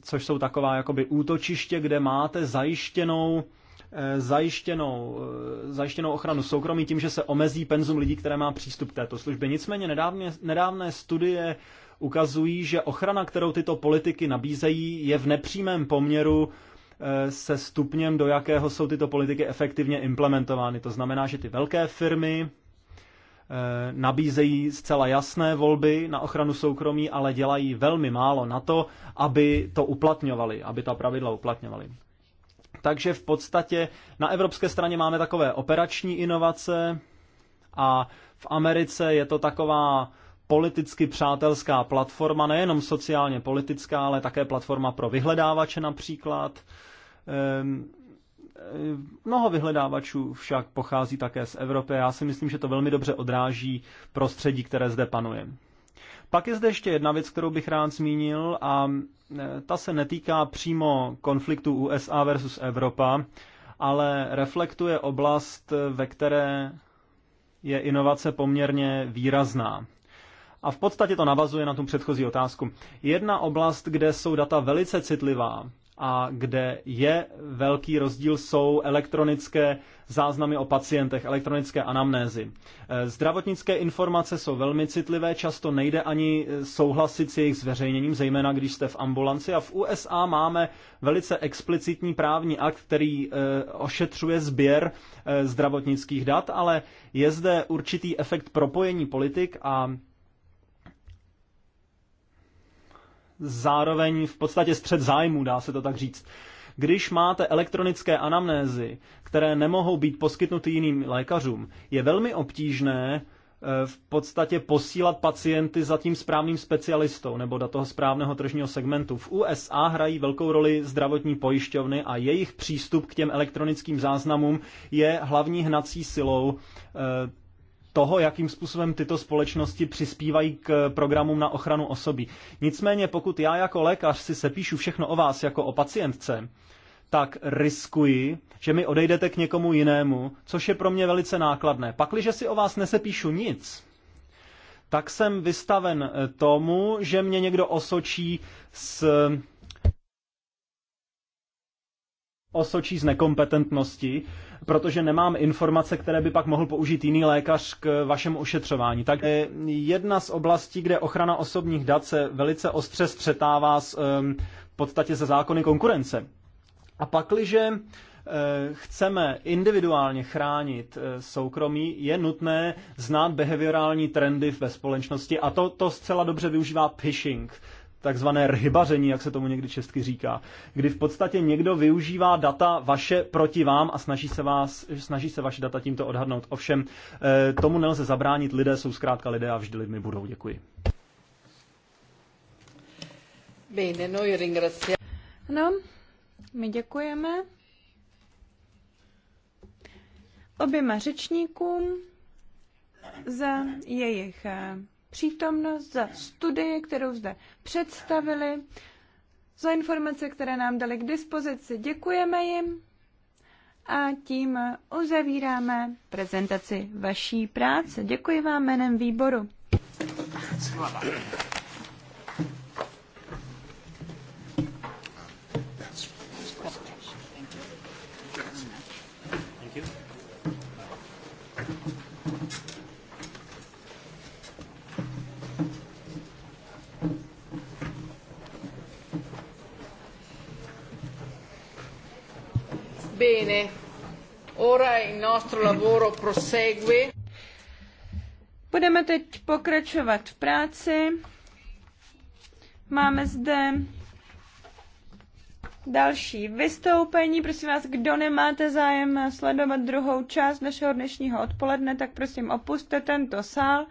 což jsou taková jakoby útočiště, kde máte zajištěnou Eh, zajištěnou, eh, zajištěnou ochranu soukromí tím, že se omezí penzum lidí, které má přístup k této službě. Nicméně nedávné, nedávné studie ukazují, že ochrana, kterou tyto politiky nabízejí, je v nepřímém poměru eh, se stupněm, do jakého jsou tyto politiky efektivně implementovány. To znamená, že ty velké firmy nabízejí zcela jasné volby na ochranu soukromí, ale dělají velmi málo na to, aby to uplatňovali, aby ta pravidla uplatňovali. Takže v podstatě na evropské straně máme takové operační inovace a v Americe je to taková politicky přátelská platforma, nejenom sociálně politická, ale také platforma pro vyhledávače například. Ehm, ehm, mnoho vyhledávačů však pochází také z Evropy. Já si myslím, že to velmi dobře odráží prostředí, které zde panuje. Pak je zde ještě jedna věc, kterou bych rád zmínil a e, ta se netýká přímo konfliktu USA versus Evropa, ale reflektuje oblast, ve které je inovace poměrně výrazná. A v podstatě to navazuje na tu předchozí otázku. Jedna oblast, kde jsou data velice citlivá a kde je velký rozdíl, jsou elektronické záznamy o pacientech, elektronické anamnézy. Eh, zdravotnické informace jsou velmi citlivé, často nejde ani eh, souhlasit s jejich zveřejněním, zejména když jste v ambulanci. A v USA máme velice explicitní právní akt, který eh, ošetřuje sběr zdravotnických dat, ale je zde určitý efekt propojení politik a zároveň v podstatě střed zájmu, dá se to tak říct. Když máte elektronické anamnézy, které nemohou být poskytnuty jiným lékařům, je velmi obtížné eh, v podstatě posílat pacienty za tím správným specialistou nebo do toho správného tržního segmentu. V USA hrají velkou roli zdravotní pojišťovny a jejich přístup k těm elektronickým záznamům je hlavní hnací silou eh, toho, jakým způsobem tyto společnosti přispívají k programům na ochranu osobí. Nicméně, pokud já jako lékař si sepíšu všechno o vás jako o pacientce, tak riskuji, že mi odejdete k někomu jinému, což je pro mě velice nákladné. Pakliže si o vás nesepíšu nic, tak jsem vystaven tomu, že mě někdo osočí s osočí z nekompetentnosti, protože nemám informace, které by pak mohl použít jiný lékař k vašemu ošetřování. Tak eh, jedna z oblastí, kde ochrana osobních dat se velice ostře střetává s, ehm, v podstatě se zákony konkurence. A pakliže eh, chceme individuálně chránit eh, soukromí, je nutné znát behaviorální trendy ve společnosti a to, to zcela dobře využívá phishing takzvané rhybaření, jak se tomu někdy česky říká, kdy v podstatě někdo využívá data vaše proti vám a snaží se, vás, snaží se vaše data tímto odhadnout. Ovšem, eh, tomu nelze zabránit, lidé jsou zkrátka lidé a vždy lidmi budou. Děkuji. No, my děkujeme oběma řečníkům za jejich eh, přítomnost, za studii, kterou zde představili, za informace, které nám dali k dispozici. Děkujeme jim a tím uzavíráme prezentaci vaší práce. Děkuji vám jménem výboru. nostro lavoro prosegue. Budeme teď pokračovat v práci. Máme zde další vystoupení. Prosím vás, kdo nemáte zájem sledovat druhou část našeho dnešního odpoledne, tak prosím opuste tento sál.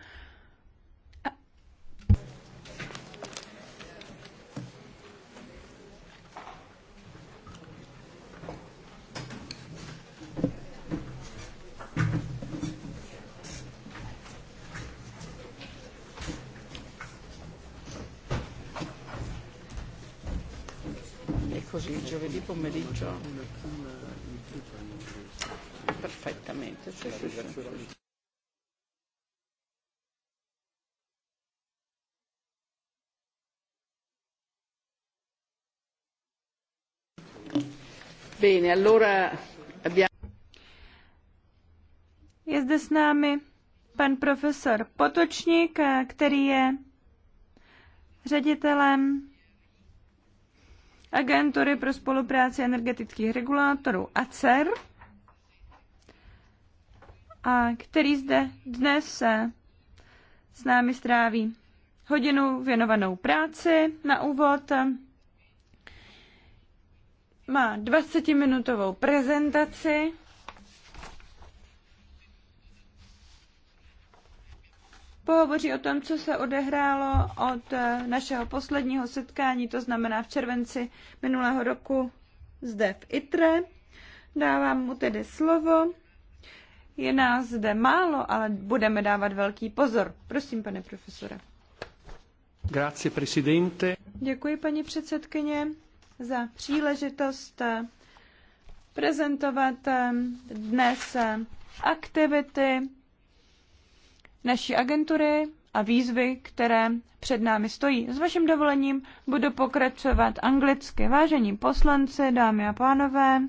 pomeriggio. Perfettamente, sì, sì, sì. Bene, allora abbiamo... Je zde s námi pan profesor Potočník, který je ředitelem Agentury pro spolupráci energetických regulátorů ACER, a který zde dnes se s námi stráví hodinu věnovanou práci na úvod. Má 20-minutovou prezentaci pohovoří o tom, co se odehrálo od eh, našeho posledního setkání, to znamená v červenci minulého roku zde v ITRE. Dávám mu tedy slovo. Je nás zde málo, ale budeme dávat velký pozor. Prosím, pane profesore. Grazie, presidente. Děkuji, paní předsedkyně, za příležitost eh, prezentovat eh, dnes aktivity naší agentury a výzvy, které před námi stojí. S vaším dovolením budu pokračovat anglicky. Vážení poslanci, dámy a pánové,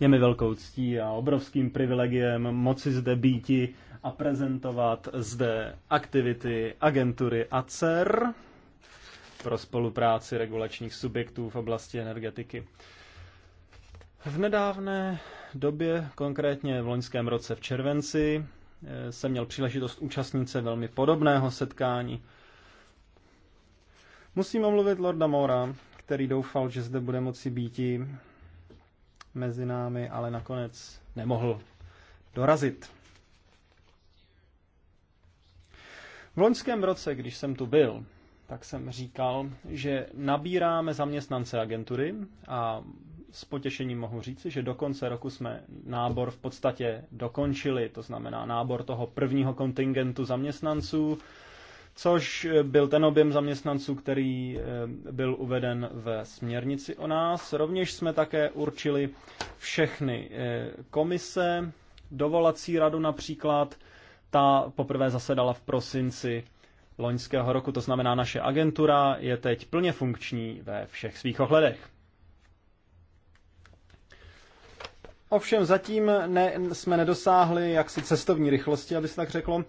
je mi velkou ctí a obrovským privilegiem moci zde býti a prezentovat zde aktivity agentury ACER pro spolupráci regulačních subjektů v oblasti energetiky. V nedávné době, konkrétně v loňském roce v červenci, eh, jsem měl příležitost účastnit se velmi podobného setkání. Musím omluvit Lorda Mora, který doufal, že zde bude moci být mezi námi, ale nakonec nemohl dorazit. V loňském roce, když jsem tu byl, tak jsem říkal, že nabíráme zaměstnance agentury a s potěšením mohu říci, že do konce roku jsme nábor v podstatě dokončili, to znamená nábor toho prvního kontingentu zaměstnanců, což byl ten objem zaměstnanců, který eh, byl uveden ve směrnici o nás. Rovněž jsme také určili všechny eh, komise, dovolací radu například, ta poprvé zasedala v prosinci loňského roku, to znamená naše agentura je teď plně funkční ve všech svých ohledech. Ovšem zatím ne, jsme nedosáhli jaksi cestovní rychlosti, aby se tak řeklo,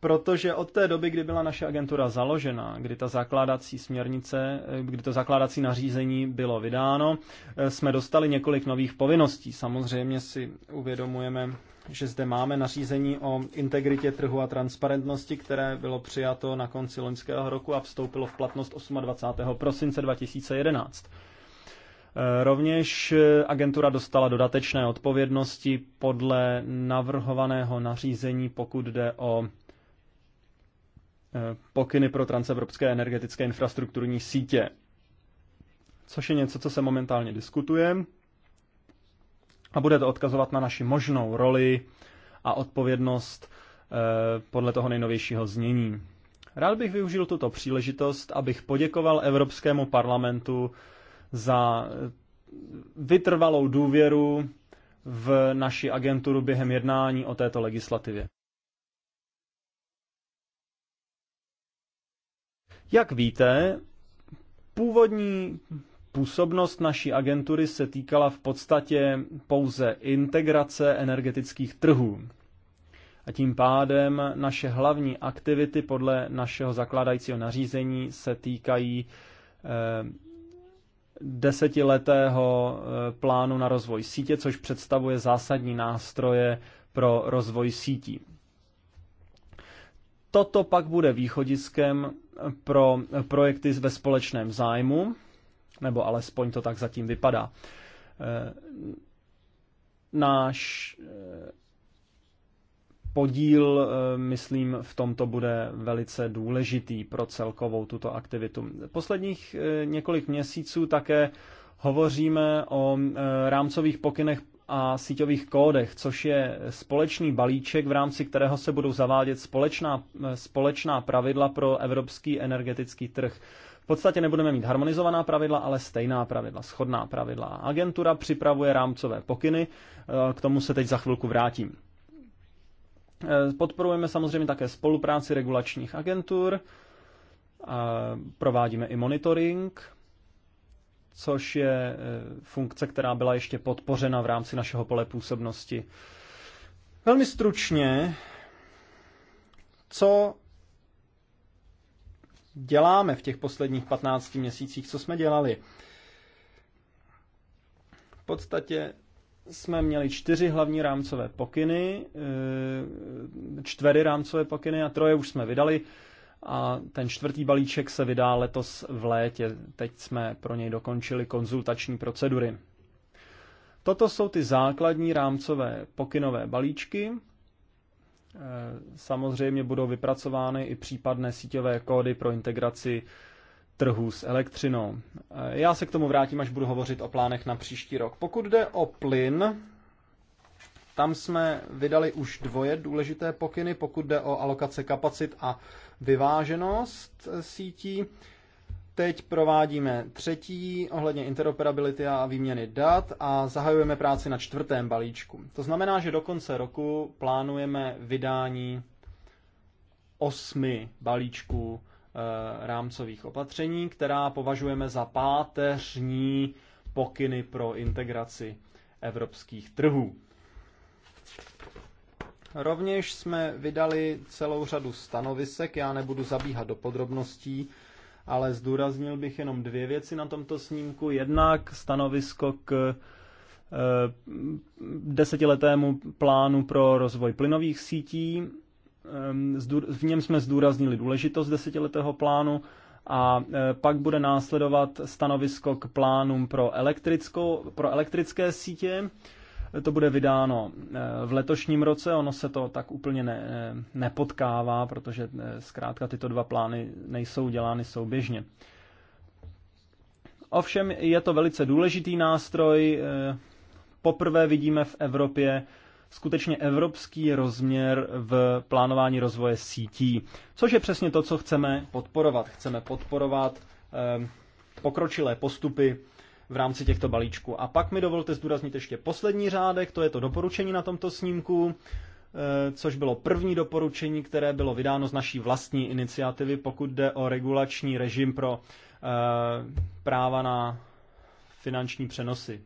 protože od té doby, kdy byla naše agentura založena, kdy ta zakládací směrnice, kdy to zakládací nařízení bylo vydáno, eh, jsme dostali několik nových povinností. Samozřejmě si uvědomujeme, že zde máme nařízení o integritě trhu a transparentnosti, které bylo přijato na konci loňského roku a vstoupilo v platnost 28. prosince 2011. Eh, rovněž eh, agentura dostala dodatečné odpovědnosti podle navrhovaného nařízení, pokud jde o eh, pokyny pro transevropské energetické infrastrukturní sítě, což je něco, co se momentálně diskutuje. A bude to odkazovat na naši možnou roli a odpovědnost podle toho nejnovějšího znění. Rád bych využil tuto příležitost, abych poděkoval Evropskému parlamentu za vytrvalou důvěru v naši agenturu během jednání o této legislativě. Jak víte, původní působnost naší agentury se týkala v podstatě pouze integrace energetických trhů. A tím pádem naše hlavní aktivity podle našeho zakládajícího nařízení se týkají eh, desetiletého eh, plánu na rozvoj sítě, což představuje zásadní nástroje pro rozvoj sítí. Toto pak bude východiskem eh, pro projekty ve společném zájmu, nebo alespoň to tak zatím vypadá. Eh, náš podíl, eh, myslím, v tomto bude velice důležitý pro celkovou tuto aktivitu. Posledních eh, několik měsíců také hovoříme o eh, rámcových pokynech a síťových kódech, což je společný balíček, v rámci kterého se budou zavádět společná, společná pravidla pro evropský energetický trh. V podstatě nebudeme mít harmonizovaná pravidla, ale stejná pravidla, shodná pravidla. Agentura připravuje rámcové pokyny, k tomu se teď za chvilku vrátím. Eh, podporujeme samozřejmě také spolupráci regulačních agentur, provádíme i monitoring, což je eh, funkce, která byla ještě podpořena v rámci našeho pole působnosti. Velmi stručně, co děláme v těch posledních 15 měsících, co jsme dělali? V podstatě jsme měli čtyři hlavní rámcové pokyny, eh, čtvery rámcové pokyny a troje už jsme vydali a ten čtvrtý balíček se vydá letos v létě. Teď jsme pro něj dokončili konzultační procedury. Toto jsou ty základní rámcové pokynové balíčky. Eh, samozřejmě budou vypracovány i případné síťové kódy pro integraci trhu s elektřinou. Eh, já se k tomu vrátím, až budu hovořit o plánech na příští rok. Pokud jde o plyn, tam jsme vydali už dvoje důležité pokyny, pokud jde o alokace kapacit a vyváženost sítí. Teď provádíme třetí ohledně interoperability a výměny dat a zahajujeme práci na čtvrtém balíčku. To znamená, že do konce roku plánujeme vydání osmi balíčků Eh, rámcových opatření, která považujeme za páteřní pokyny pro integraci evropských trhů. Rovněž jsme vydali celou řadu stanovisek, já nebudu zabíhat do podrobností, ale zdůraznil bych jenom dvě věci na tomto snímku. Jednak stanovisko k eh, desetiletému plánu pro rozvoj plynových sítí Ehm, v něm jsme zdůraznili důležitost desetiletého plánu a e, pak bude následovat stanovisko k plánům pro, elektrickou, pro elektrické sítě. To bude vydáno e, v letošním roce, ono se to tak úplně ne, e, nepotkává, protože zkrátka tyto dva plány nejsou dělány souběžně. Ovšem je to velice důležitý nástroj. Poprvé vidíme v Evropě skutečně evropský rozměr v plánování rozvoje sítí, což je přesně to, co chceme podporovat. Chceme podporovat ehm, pokročilé postupy v rámci těchto balíčků. A pak mi dovolte zdůraznit ještě poslední řádek, to je to doporučení na tomto snímku, eh, což bylo první doporučení, které bylo vydáno z naší vlastní iniciativy, pokud jde o regulační režim pro eh, práva na finanční přenosy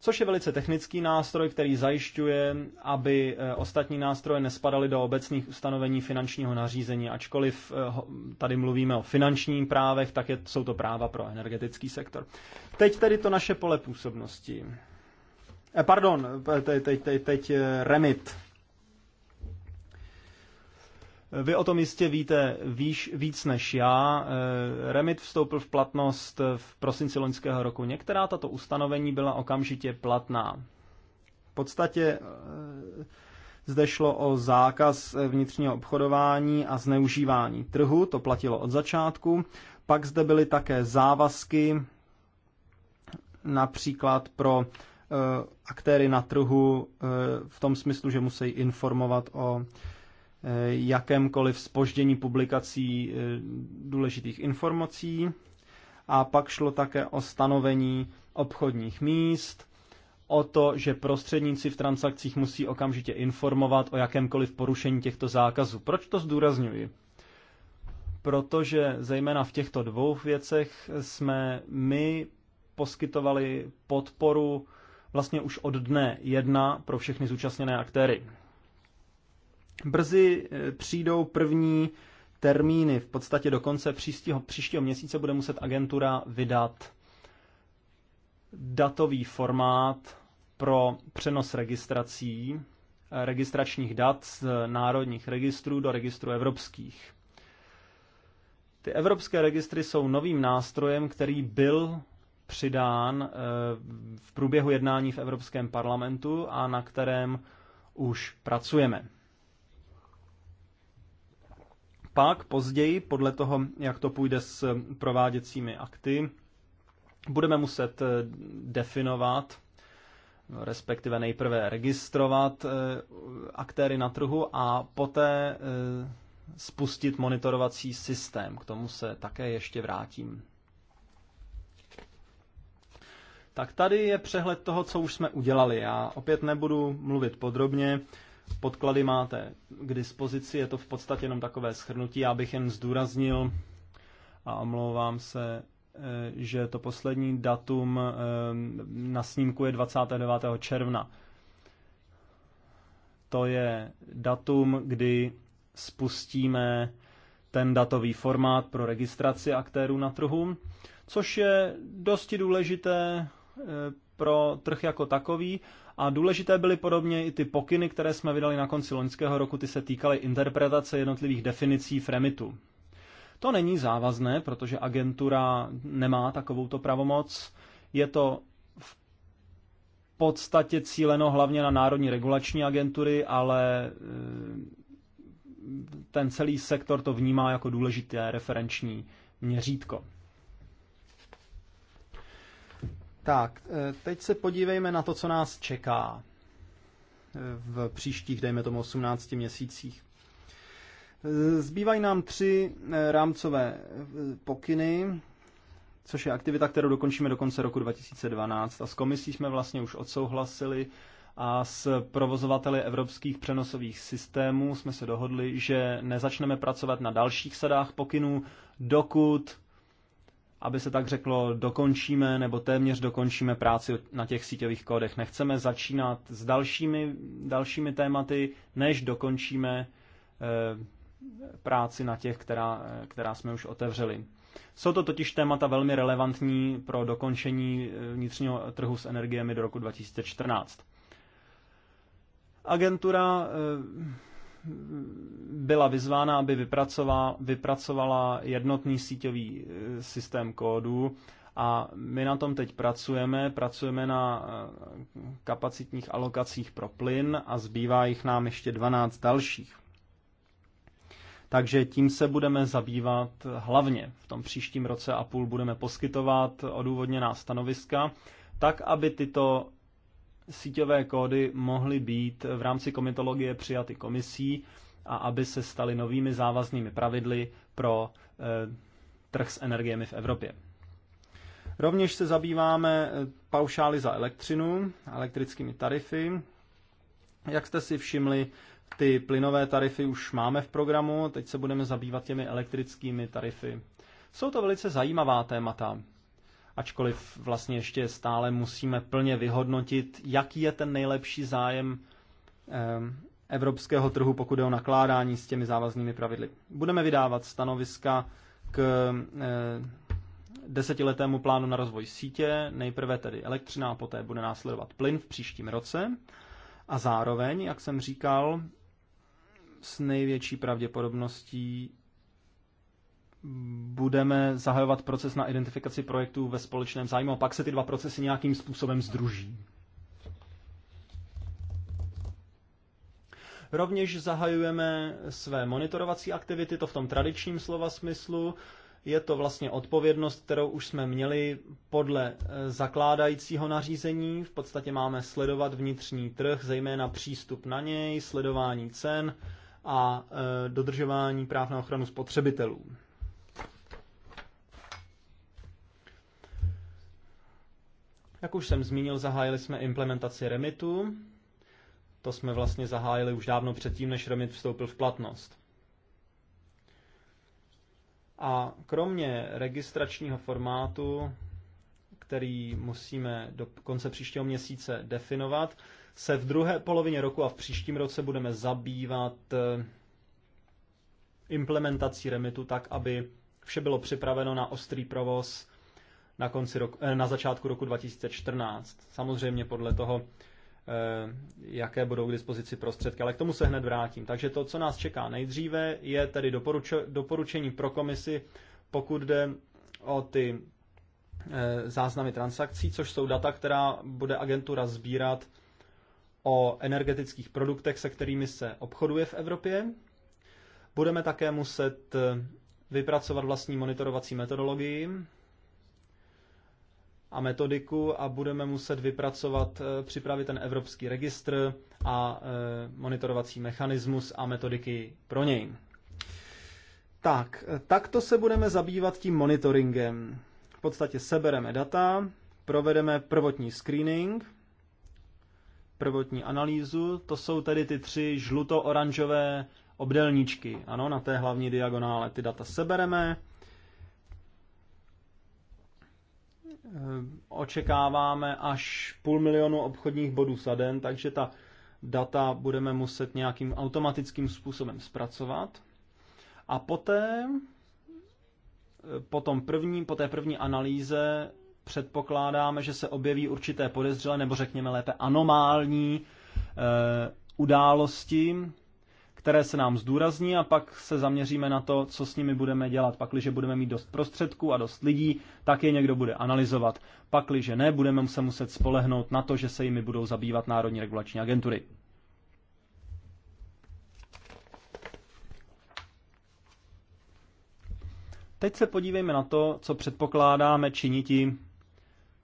což je velice technický nástroj, který zajišťuje, aby eh, ostatní nástroje nespadaly do obecných ustanovení finančního nařízení. Ačkoliv eh, tady mluvíme o finančních právech, tak je, jsou to práva pro energetický sektor. Teď tedy to naše pole působnosti. Eh, pardon, teď, teď, teď, teď remit. Vy o tom jistě víte víš, víc než já. Eh, Remit vstoupil v platnost v prosinci loňského roku. Některá tato ustanovení byla okamžitě platná. V podstatě eh, zde šlo o zákaz vnitřního obchodování a zneužívání trhu, to platilo od začátku. Pak zde byly také závazky například pro eh, aktéry na trhu v tom smyslu, že musí informovat o Eh, jakémkoliv spoždění publikací eh, důležitých informací. A pak šlo také o stanovení obchodních míst, o to, že prostředníci v transakcích musí okamžitě informovat o jakémkoliv porušení těchto zákazů. Proč to zdůrazňuji? Protože zejména v těchto dvou věcech jsme my poskytovali podporu vlastně už od dne jedna pro všechny zúčastněné aktéry. Brzy eh, přijdou první termíny. V podstatě do konce příštího, příštího měsíce bude muset agentura vydat datový formát pro přenos registrací, eh, registračních dat z národních registrů do registrů evropských. Ty evropské registry jsou novým nástrojem, který byl přidán eh, v průběhu jednání v Evropském parlamentu a na kterém už pracujeme. Pak později, podle toho, jak to půjde s prováděcími akty, budeme muset eh, definovat, no, respektive nejprve registrovat eh, aktéry na trhu a poté eh, spustit monitorovací systém. K tomu se také ještě vrátím. Tak tady je přehled toho, co už jsme udělali. Já opět nebudu mluvit podrobně, Podklady máte k dispozici, je to v podstatě jenom takové schrnutí. Já bych jen zdůraznil a omlouvám se, eh, že to poslední datum eh, na snímku je 29. června. To je datum, kdy spustíme ten datový formát pro registraci aktérů na trhu, což je dosti důležité eh, pro trh jako takový a důležité byly podobně i ty pokyny, které jsme vydali na konci loňského roku, ty se týkaly interpretace jednotlivých definicí fremitu. To není závazné, protože agentura nemá takovouto pravomoc. Je to v podstatě cíleno hlavně na národní regulační agentury, ale e, ten celý sektor to vnímá jako důležité referenční měřítko. Tak, e, teď se podívejme na to, co nás čeká e, v příštích, dejme tomu, 18 měsících. E, zbývají nám tři rámcové pokyny, což je aktivita, kterou dokončíme do konce roku 2012. A s komisí jsme vlastně už odsouhlasili a s provozovateli evropských přenosových systémů jsme se dohodli, že nezačneme pracovat na dalších sadách pokynů, dokud aby se tak řeklo, dokončíme nebo téměř dokončíme práci na těch síťových kódech. Nechceme začínat s dalšími, dalšími tématy, než dokončíme eh, práci na těch, která, eh, která jsme už otevřeli. Jsou to totiž témata velmi relevantní pro dokončení eh, vnitřního trhu s energiemi do roku 2014. Agentura byla vyzvána, aby vypracovala, vypracovala jednotný síťový eh, systém kódu. a my na tom teď pracujeme. Pracujeme na eh, kapacitních alokacích pro plyn a zbývá jich nám ještě 12 dalších. Takže tím se budeme zabývat hlavně. V tom příštím roce a půl budeme poskytovat odůvodněná stanoviska, tak aby tyto síťové kódy mohly být v rámci komitologie přijaty komisí a aby se staly novými závaznými pravidly pro eh, trh s energiemi v Evropě. Rovněž se zabýváme eh, paušály za elektřinu, elektrickými tarify. Jak jste si všimli, ty plynové tarify už máme v programu, teď se budeme zabývat těmi elektrickými tarify. Jsou to velice zajímavá témata ačkoliv vlastně ještě stále musíme plně vyhodnotit, jaký je ten nejlepší zájem ehm, evropského trhu, pokud je o nakládání s těmi závaznými pravidly. Budeme vydávat stanoviska k ehm, desetiletému plánu na rozvoj sítě, nejprve tedy elektřina a poté bude následovat plyn v příštím roce. A zároveň, jak jsem říkal, s největší pravděpodobností budeme zahajovat proces na identifikaci projektů ve společném zájmu a pak se ty dva procesy nějakým způsobem združí. Rovněž zahajujeme své monitorovací aktivity, to v tom tradičním slova smyslu. Je to vlastně odpovědnost, kterou už jsme měli podle eh, zakládajícího nařízení. V podstatě máme sledovat vnitřní trh, zejména přístup na něj, sledování cen a eh, dodržování práv na ochranu spotřebitelů. Jak už jsem zmínil, zahájili jsme implementaci remitu. To jsme vlastně zahájili už dávno předtím, než remit vstoupil v platnost. A kromě registračního formátu, který musíme do konce příštího měsíce definovat, se v druhé polovině roku a v příštím roce budeme zabývat eh, implementací remitu tak, aby vše bylo připraveno na ostrý provoz na, konci roku, eh, na začátku roku 2014. Samozřejmě podle toho, eh, jaké budou k dispozici prostředky, ale k tomu se hned vrátím. Takže to, co nás čeká nejdříve, je tedy doporučení pro komisi, pokud jde o ty eh, záznamy transakcí, což jsou data, která bude agentura sbírat o energetických produktech, se kterými se obchoduje v Evropě. Budeme také muset vypracovat vlastní monitorovací metodologii, a metodiku a budeme muset vypracovat, eh, připravit ten evropský registr a eh, monitorovací mechanismus a metodiky pro něj. Tak, eh, takto se budeme zabývat tím monitoringem. V podstatě sebereme data, provedeme prvotní screening, prvotní analýzu, to jsou tedy ty tři žluto-oranžové obdelníčky, ano, na té hlavní diagonále ty data sebereme, Eh, očekáváme až půl milionu obchodních bodů za den, takže ta data budeme muset nějakým automatickým způsobem zpracovat. A poté, eh, po, tom první, po té první analýze předpokládáme, že se objeví určité podezřelé, nebo řekněme lépe anomální e, události, které se nám zdůrazní a pak se zaměříme na to, co s nimi budeme dělat. Pakliže budeme mít dost prostředků a dost lidí, tak je někdo bude analyzovat. Pakliže ne, budeme se muset spolehnout na to, že se jimi budou zabývat národní regulační agentury. Teď se podívejme na to, co předpokládáme činiti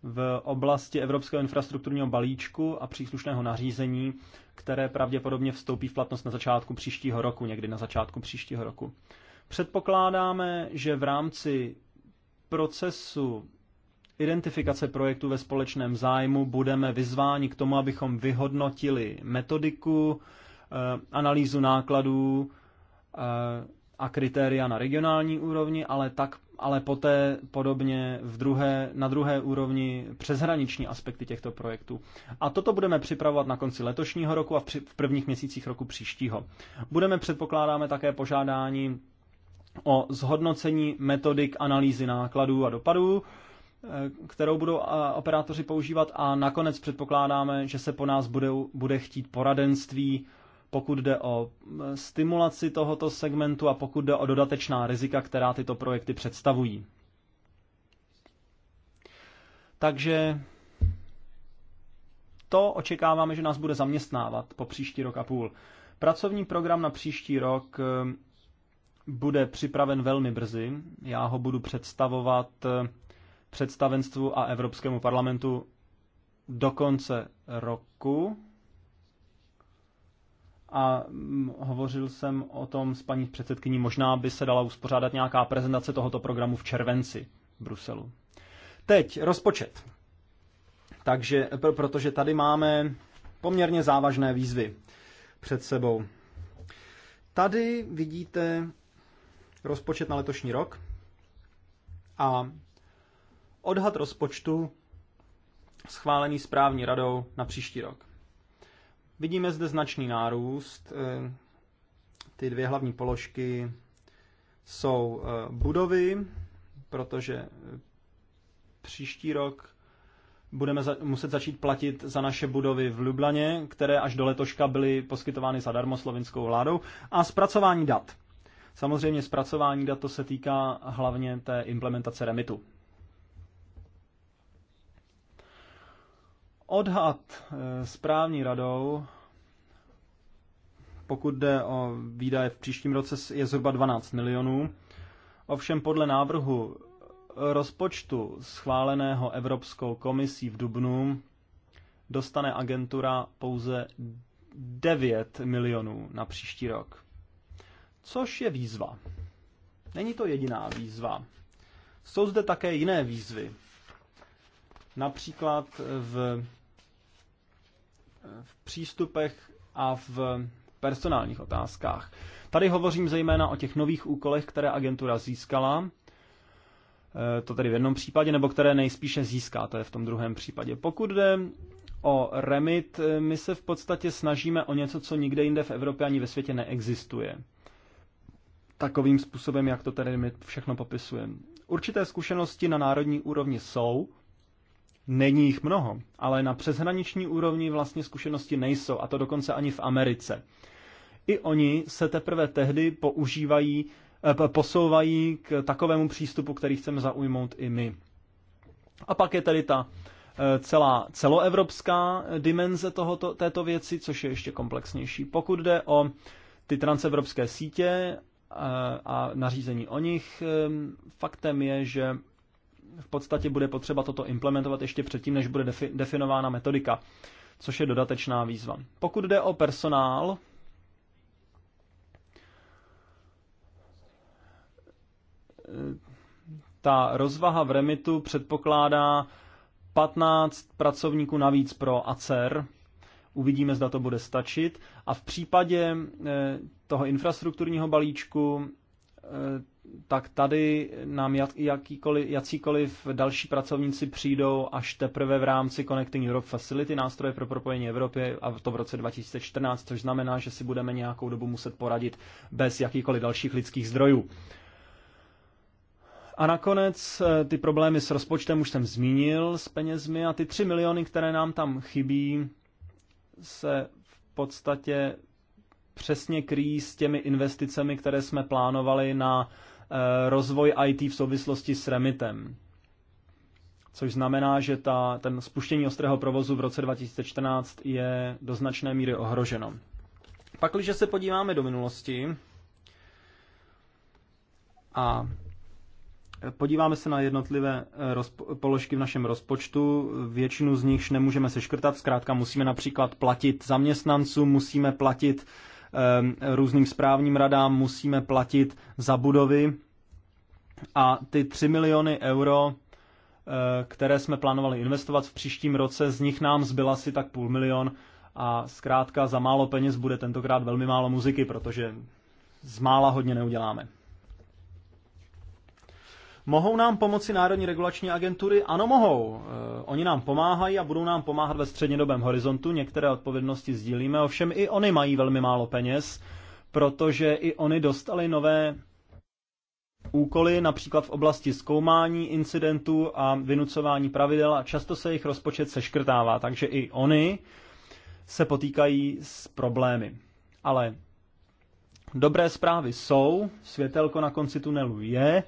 v oblasti Evropského infrastrukturního balíčku a příslušného nařízení, které pravděpodobně vstoupí v platnost na začátku příštího roku, někdy na začátku příštího roku. Předpokládáme, že v rámci procesu identifikace projektu ve společném zájmu budeme vyzváni k tomu, abychom vyhodnotili metodiku, eh, analýzu nákladů eh, a kritéria na regionální úrovni, ale tak ale poté podobně v druhé, na druhé úrovni přeshraniční aspekty těchto projektů. A toto budeme připravovat na konci letošního roku a v, prvních měsících roku příštího. Budeme předpokládáme také požádání o zhodnocení metodik analýzy nákladů a dopadů, eh, kterou budou eh, operátoři používat a nakonec předpokládáme, že se po nás bude, bude chtít poradenství pokud jde o eh, stimulaci tohoto segmentu a pokud jde o dodatečná rizika, která tyto projekty představují. Takže to očekáváme, že nás bude zaměstnávat po příští rok a půl. Pracovní program na příští rok eh, bude připraven velmi brzy. Já ho budu představovat eh, představenstvu a Evropskému parlamentu do konce roku a hovořil jsem o tom s paní předsedkyní. Možná by se dala uspořádat nějaká prezentace tohoto programu v červenci v Bruselu. Teď rozpočet. Takže, protože tady máme poměrně závažné výzvy před sebou. Tady vidíte rozpočet na letošní rok a odhad rozpočtu schválený správní radou na příští rok. Vidíme zde značný nárůst. Eh, ty dvě hlavní položky jsou eh, budovy, protože eh, příští rok budeme za, muset začít platit za naše budovy v Lublaně, které až do letoška byly poskytovány zadarmo slovinskou vládou, a zpracování dat. Samozřejmě zpracování dat to se týká hlavně té implementace remitu. Odhad eh, správní radou, pokud jde o výdaje v příštím roce, je zhruba 12 milionů. Ovšem podle návrhu rozpočtu schváleného Evropskou komisí v Dubnu dostane agentura pouze 9 milionů na příští rok. Což je výzva. Není to jediná výzva. Jsou zde také jiné výzvy. Například v v přístupech a v personálních otázkách. Tady hovořím zejména o těch nových úkolech, které agentura získala, e, to tedy v jednom případě, nebo které nejspíše získá, to je v tom druhém případě. Pokud jde o remit, e, my se v podstatě snažíme o něco, co nikde jinde v Evropě ani ve světě neexistuje. Takovým způsobem, jak to tedy my všechno popisujeme. Určité zkušenosti na národní úrovni jsou, Není jich mnoho, ale na přeshraniční úrovni vlastně zkušenosti nejsou, a to dokonce ani v Americe. I oni se teprve tehdy používají, eh, posouvají k takovému přístupu, který chceme zaujmout i my. A pak je tady ta eh, celá celoevropská eh, dimenze tohoto, této věci, což je ještě komplexnější. Pokud jde o ty transevropské sítě a nařízení o nich, faktem je, že v podstatě bude potřeba toto implementovat ještě předtím, než bude defi- definována metodika, což je dodatečná výzva. Pokud jde o personál, ta rozvaha v remitu předpokládá 15 pracovníků navíc pro ACER. Uvidíme, zda to bude stačit. A v případě eh, toho infrastrukturního balíčku eh, tak tady nám jakýkoliv, jakýkoliv další pracovníci přijdou až teprve v rámci Connecting Europe Facility, nástroje pro propojení Evropy, a to v roce 2014, což znamená, že si budeme nějakou dobu muset poradit bez jakýkoliv dalších lidských zdrojů. A nakonec eh, ty problémy s rozpočtem už jsem zmínil, s penězmi a ty 3 miliony, které nám tam chybí, se v podstatě přesně kryjí s těmi investicemi, které jsme plánovali na Eh, rozvoj IT v souvislosti s Remitem. Což znamená, že ta, ten spuštění ostrého provozu v roce 2014 je do značné míry ohroženo. Pak, když se podíváme do minulosti a Podíváme se na jednotlivé eh, položky v našem rozpočtu. Většinu z nich nemůžeme seškrtat, zkrátka musíme například platit zaměstnancům, musíme platit Ehm, různým správním radám, musíme platit za budovy a ty 3 miliony euro, eh, které jsme plánovali investovat v příštím roce, z nich nám zbyla asi tak půl milion a zkrátka za málo peněz bude tentokrát velmi málo muziky, protože z mála hodně neuděláme. Mohou nám pomoci Národní regulační agentury? Ano, mohou. Eh, oni nám pomáhají a budou nám pomáhat ve střednědobém horizontu. Některé odpovědnosti sdílíme, ovšem i oni mají velmi málo peněz, protože i oni dostali nové úkoly, například v oblasti zkoumání incidentů a vynucování pravidel a často se jejich rozpočet seškrtává, takže i oni se potýkají s problémy. Ale dobré zprávy jsou, světelko na konci tunelu je,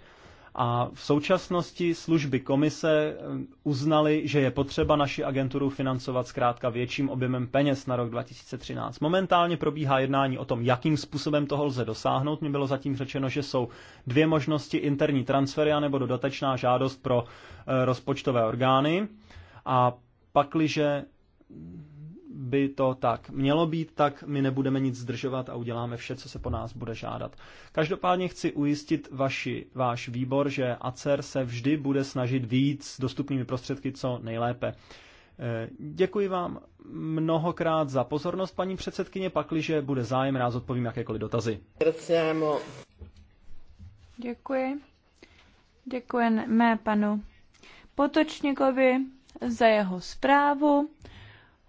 a v současnosti služby komise eh, uznaly, že je potřeba naši agenturu financovat zkrátka větším objemem peněz na rok 2013. Momentálně probíhá jednání o tom, jakým způsobem toho lze dosáhnout. Mně bylo zatím řečeno, že jsou dvě možnosti interní transfery nebo dodatečná žádost pro eh, rozpočtové orgány. A pakliže by to tak mělo být, tak my nebudeme nic zdržovat a uděláme vše, co se po nás bude žádat. Každopádně chci ujistit vaši, váš výbor, že ACER se vždy bude snažit víc s dostupnými prostředky co nejlépe. Eh, děkuji vám mnohokrát za pozornost, paní předsedkyně, pakliže bude zájem, rád odpovím jakékoliv dotazy. Děkuji. Děkujeme panu Potočníkovi za jeho zprávu.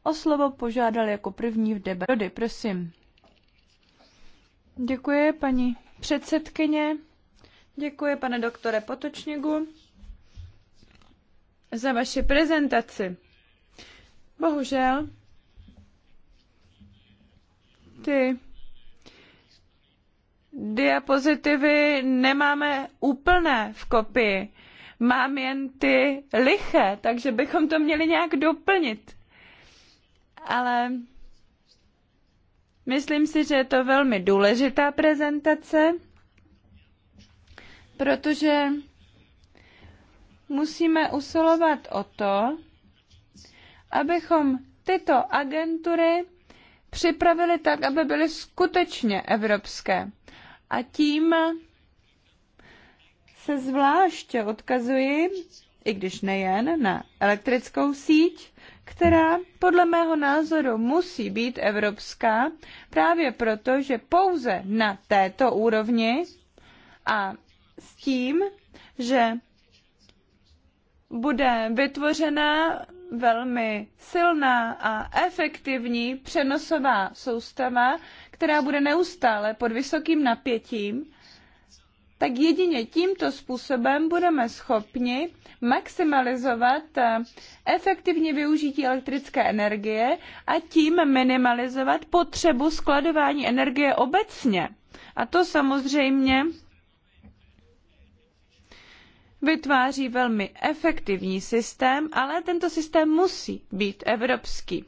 O slovo požádal jako první v debatě. Prosím. Děkuji, paní předsedkyně. Děkuji, pane doktore Potočnigu, za vaši prezentaci. Bohužel, ty diapozitivy nemáme úplné v kopii. Mám jen ty liché, takže bychom to měli nějak doplnit ale myslím si, že je to velmi důležitá prezentace, protože musíme usilovat o to, abychom tyto agentury připravili tak, aby byly skutečně evropské. A tím se zvláště odkazuji, i když nejen, na elektrickou síť, která podle mého názoru musí být evropská, právě proto, že pouze na této úrovni a s tím, že bude vytvořena velmi silná a efektivní přenosová soustava, která bude neustále pod vysokým napětím tak jedině tímto způsobem budeme schopni maximalizovat eh, efektivní využití elektrické energie a tím minimalizovat potřebu skladování energie obecně. A to samozřejmě vytváří velmi efektivní systém, ale tento systém musí být evropský.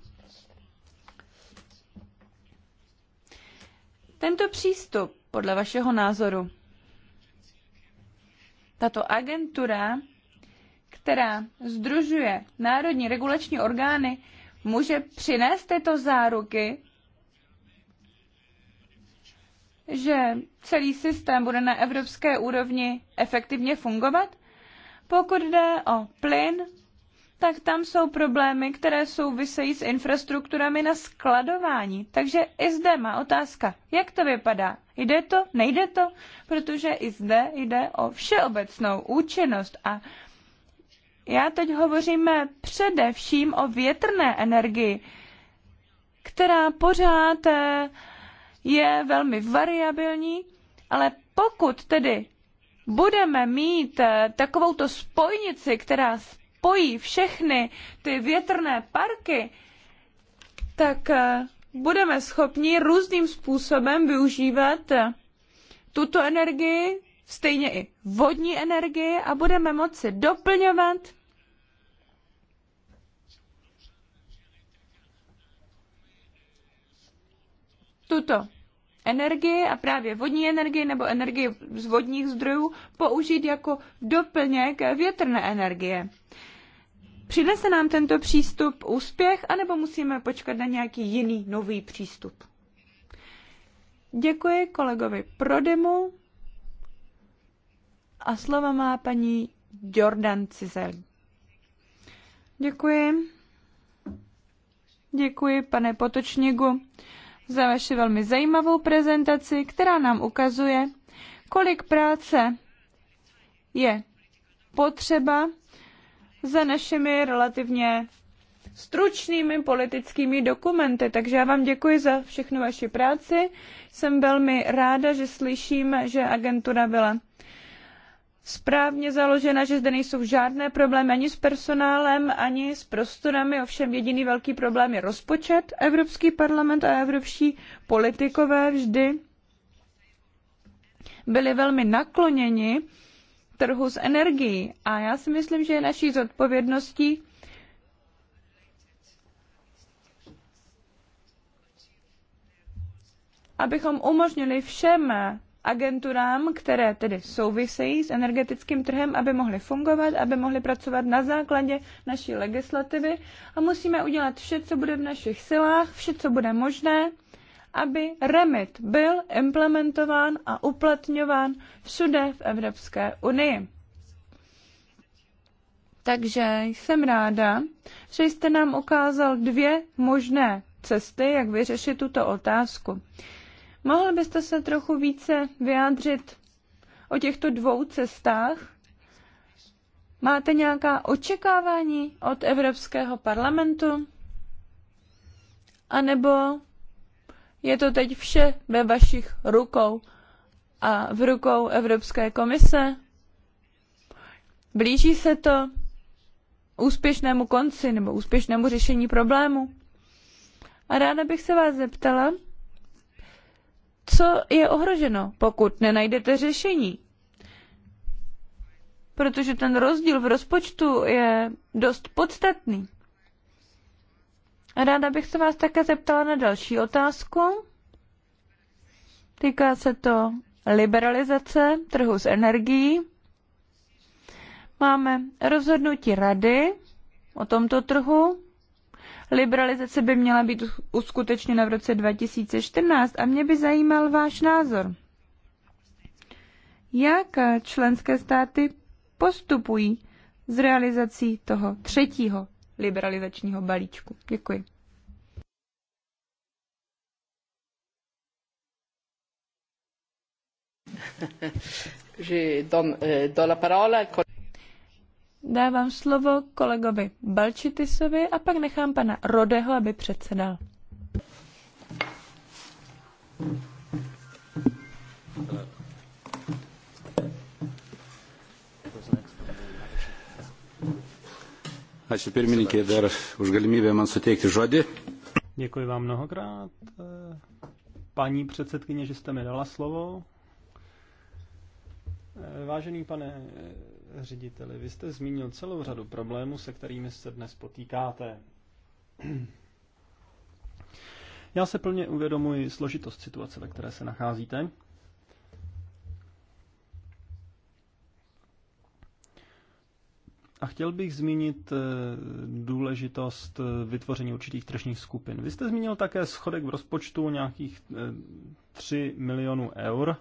Tento přístup, podle vašeho názoru, tato agentura, která združuje národní regulační orgány, může přinést tyto záruky, že celý systém bude na evropské úrovni efektivně fungovat? Pokud jde o plyn, tak tam jsou problémy, které souvisejí s infrastrukturami na skladování. Takže i zde má otázka, jak to vypadá. Jde to, nejde to? Protože i zde jde o všeobecnou účinnost a já teď hovoříme především o větrné energii, která pořád eh, je velmi variabilní, ale pokud tedy budeme mít eh, takovouto spojnici, která spojí všechny ty větrné parky, tak eh, budeme schopni různým způsobem využívat eh, tuto energii, stejně i vodní energii a budeme moci doplňovat tuto energii a právě vodní energii nebo energii z vodních zdrojů použít jako doplněk větrné energie. Přinese nám tento přístup úspěch, anebo musíme počkat na nějaký jiný nový přístup? Děkuji kolegovi Prodemu a slova má paní Jordan Cizel. Děkuji. Děkuji, pane Potočníku, za vaši velmi zajímavou prezentaci, která nám ukazuje, kolik práce je potřeba za našimi relativně stručnými politickými dokumenty. Takže já vám děkuji za všechnu vaši práci. Jsem velmi ráda, že slyším, že agentura byla správně založena, že zde nejsou žádné problémy ani s personálem, ani s prostorami. Ovšem jediný velký problém je rozpočet. Evropský parlament a evropští politikové vždy byli velmi nakloněni trhu s energií. A já si myslím, že je naší zodpovědností abychom umožnili všem agenturám, které tedy souvisejí s energetickým trhem, aby mohly fungovat, aby mohly pracovat na základě naší legislativy a musíme udělat vše, co bude v našich silách, vše, co bude možné, aby REMIT byl implementován a uplatňován všude v Evropské unii. Takže jsem ráda, že jste nám ukázal dvě možné cesty, jak vyřešit tuto otázku. Mohl byste se trochu více vyjádřit o těchto dvou cestách? Máte nějaká očekávání od Evropského parlamentu? A nebo je to teď vše ve vašich rukou a v rukou Evropské komise. Blíží se to úspěšnému konci nebo úspěšnému řešení problému. A ráda bych se vás zeptala, co je ohroženo, pokud nenajdete řešení. Protože ten rozdíl v rozpočtu je dost podstatný. Ráda bych se vás také zeptala na další otázku. Týká se to liberalizace trhu s energií. Máme rozhodnutí rady o tomto trhu. Liberalizace by měla být uskutečněna v roce 2014 a mě by zajímal váš názor. Jak členské státy postupují s realizací toho třetího liberalizačního balíčku. Děkuji. Eh, Dávám slovo kolegovi Balčitisovi a pak nechám pana Rodeho, aby předsedal. Thank you. Ačiū pirmininkė dar už galimybę man suteikti žodį. Děkuji vám mnohokrát, paní předsedkyně, že jste mi dala slovo. Vážený pane řediteli, vy jste zmínil celou řadu problémů, se kterými se dnes potýkáte. Já se plně uvědomuji složitost situace, ve které se nacházíte. A chtěl bych zmínit eh, důležitost eh, vytvoření určitých tržních skupin. Vy jste zmínil také schodek v rozpočtu nějakých 3 eh, milionů eur,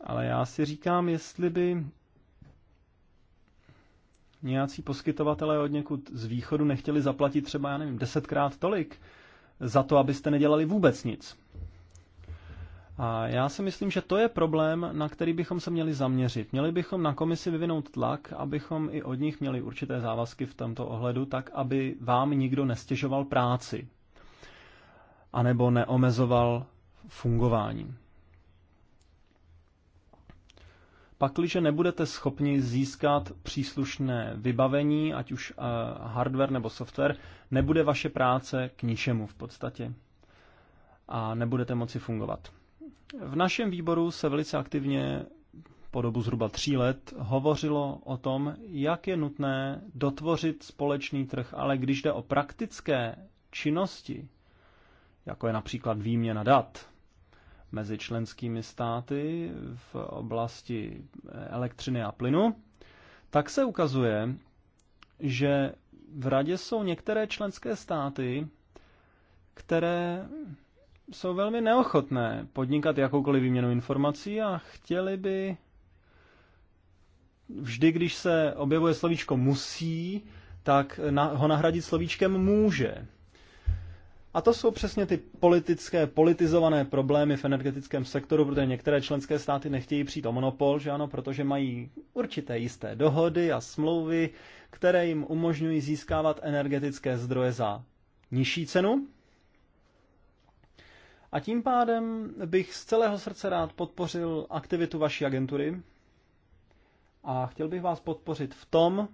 ale já si říkám, jestli by nějací poskytovatelé od někud z východu nechtěli zaplatit třeba, já nevím, desetkrát tolik za to, abyste nedělali vůbec nic. A já si myslím, že to je problém, na který bychom se měli zaměřit. Měli bychom na komisi vyvinout tlak, abychom i od nich měli určité závazky v tomto ohledu, tak aby vám nikdo nestěžoval práci anebo neomezoval fungování. Pakliže nebudete schopni získat příslušné vybavení, ať už eh, hardware nebo software, nebude vaše práce k ničemu v podstatě a nebudete moci fungovat. V našem výboru se velice aktivně po dobu zhruba tří let hovořilo o tom, jak je nutné dotvořit společný trh, ale když jde o praktické činnosti, jako je například výměna dat mezi členskými státy v oblasti elektřiny a plynu, tak se ukazuje, že v radě jsou některé členské státy, které jsou velmi neochotné podnikat jakoukoliv výměnu informací a chtěli by vždy, když se objevuje slovíčko musí, tak ho nahradit slovíčkem může. A to jsou přesně ty politické, politizované problémy v energetickém sektoru, protože některé členské státy nechtějí přijít o monopol, že ano, protože mají určité jisté dohody a smlouvy, které jim umožňují získávat energetické zdroje za nižší cenu, a tím pádem bych z celého srdce rád podpořil aktivitu vaší agentury a chtěl bych vás podpořit v tom,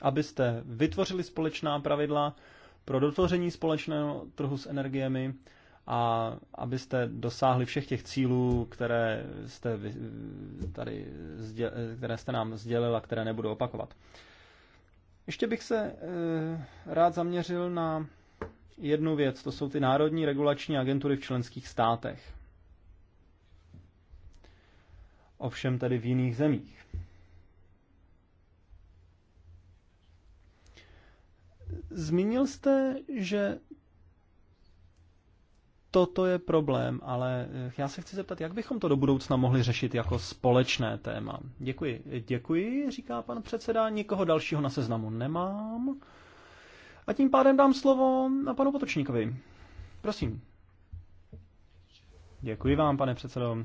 abyste vytvořili společná pravidla pro dotvoření společného trhu s energiemi a abyste dosáhli všech těch cílů, které jste, tady, které jste nám sdělil a které nebudu opakovat. Ještě bych se eh, rád zaměřil na jednu věc, to jsou ty národní regulační agentury v členských státech. Ovšem tedy v jiných zemích. Zmínil jste, že toto je problém, ale eh, já se chci zeptat, jak bychom to do budoucna mohli řešit jako společné téma. Děkuji. Děkuji, říká pan předseda. Nikoho dalšího na seznamu nemám. A tím pádem dám slovo na panu Potočníkovi. Prosím. Děkuji vám, pane předsedo.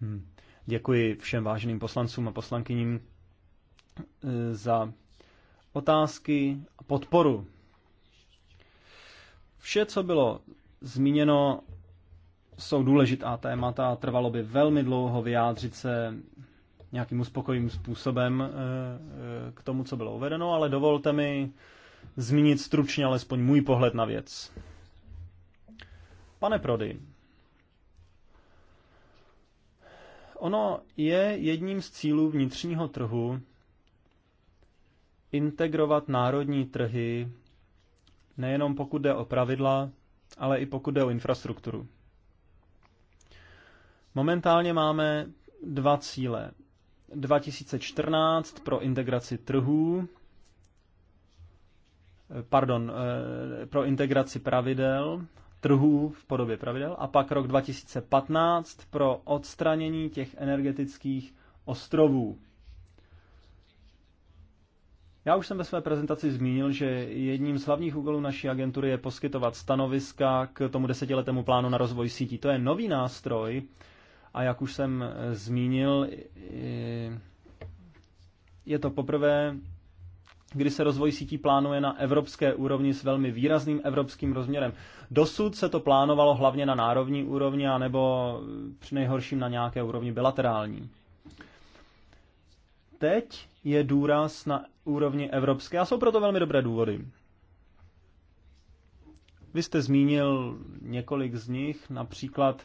Hm. Děkuji všem váženým poslancům a poslankyním eh, za otázky a podporu. Vše, co bylo zmíněno, jsou důležitá témata. Trvalo by velmi dlouho vyjádřit se nějakým uspokojivým způsobem eh, eh, k tomu, co bylo uvedeno, ale dovolte mi zmínit stručně alespoň můj pohled na věc. Pane Prody, ono je jedním z cílů vnitřního trhu integrovat národní trhy, nejenom pokud jde o pravidla, ale i pokud jde o infrastrukturu. Momentálně máme dva cíle. 2014 pro integraci trhů pardon, eh, pro integraci pravidel, trhů v podobě pravidel, a pak rok 2015 pro odstranění těch energetických ostrovů. Já už jsem ve své prezentaci zmínil, že jedním z hlavních úkolů naší agentury je poskytovat stanoviska k tomu desetiletému plánu na rozvoj sítí. To je nový nástroj a jak už jsem eh, zmínil, je to poprvé, kdy se rozvoj sítí plánuje na evropské úrovni s velmi výrazným evropským rozměrem. Dosud se to plánovalo hlavně na národní úrovni, anebo při nejhorším na nějaké úrovni bilaterální. Teď je důraz na úrovni evropské a jsou proto velmi dobré důvody. Vy jste zmínil několik z nich, například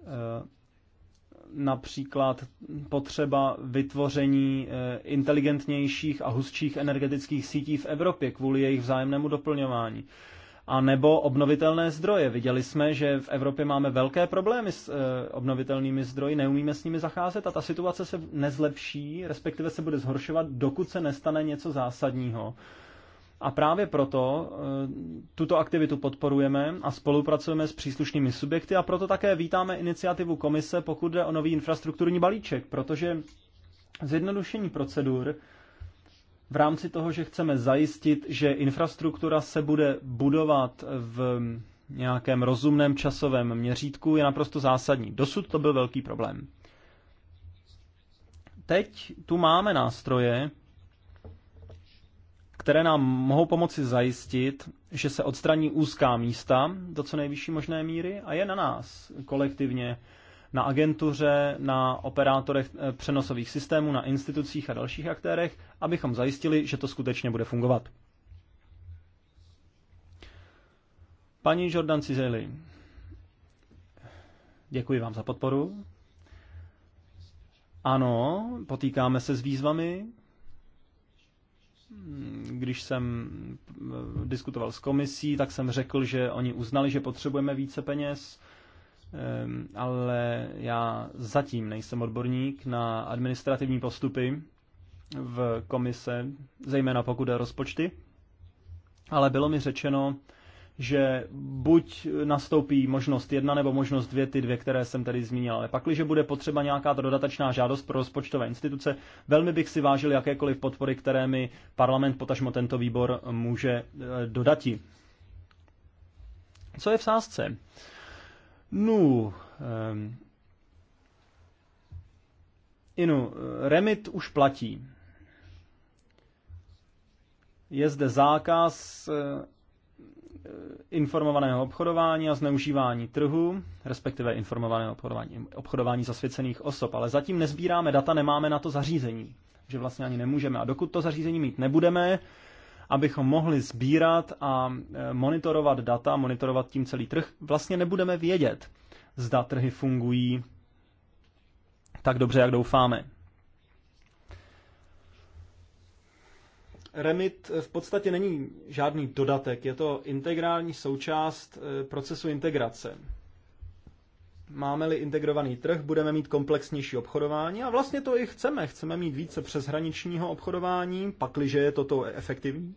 eh, například potřeba vytvoření eh, inteligentnějších a hustších energetických sítí v Evropě kvůli jejich vzájemnému doplňování. A nebo obnovitelné zdroje. Viděli jsme, že v Evropě máme velké problémy s eh, obnovitelnými zdroji, neumíme s nimi zacházet a ta situace se nezlepší, respektive se bude zhoršovat, dokud se nestane něco zásadního a právě proto eh, tuto aktivitu podporujeme a spolupracujeme s příslušnými subjekty a proto také vítáme iniciativu komise, pokud jde o nový infrastrukturní balíček, protože zjednodušení procedur v rámci toho, že chceme zajistit, že infrastruktura se bude budovat v nějakém rozumném časovém měřítku, je naprosto zásadní. Dosud to byl velký problém. Teď tu máme nástroje, které nám mohou pomoci zajistit, že se odstraní úzká místa do co nejvyšší možné míry a je na nás kolektivně, na agentuře, na operátorech eh, přenosových systémů, na institucích a dalších aktérech, abychom zajistili, že to skutečně bude fungovat. Paní Jordan Cizeli, děkuji vám za podporu. Ano, potýkáme se s výzvami, Hmm, když jsem eh, diskutoval s komisí, tak jsem řekl, že oni uznali, že potřebujeme více peněz, ehm, ale já zatím nejsem odborník na administrativní postupy v komise, zejména pokud je rozpočty, ale bylo mi řečeno, že buď nastoupí možnost jedna nebo možnost dvě, ty dvě, které jsem tady zmínil. Ale pakliže bude potřeba nějaká ta dodatečná žádost pro rozpočtové instituce, velmi bych si vážil jakékoliv podpory, které mi parlament, potažmo tento výbor, může e, dodati. Co je v sázce? No, um, Inu, remit už platí. Je zde zákaz e, Eh, informovaného obchodování a zneužívání trhu, respektive informovaného obchodování, obchodování zasvěcených osob, ale zatím nezbíráme data, nemáme na to zařízení, že vlastně ani nemůžeme. A dokud to zařízení mít nebudeme, abychom mohli sbírat a eh, monitorovat data, monitorovat tím celý trh, vlastně nebudeme vědět, zda trhy fungují tak dobře, jak doufáme. Remit v podstatě není žádný dodatek, je to integrální součást eh, procesu integrace. Máme-li integrovaný trh, budeme mít komplexnější obchodování a vlastně to i chceme. Chceme mít více přeshraničního obchodování, pakliže je toto efektivní.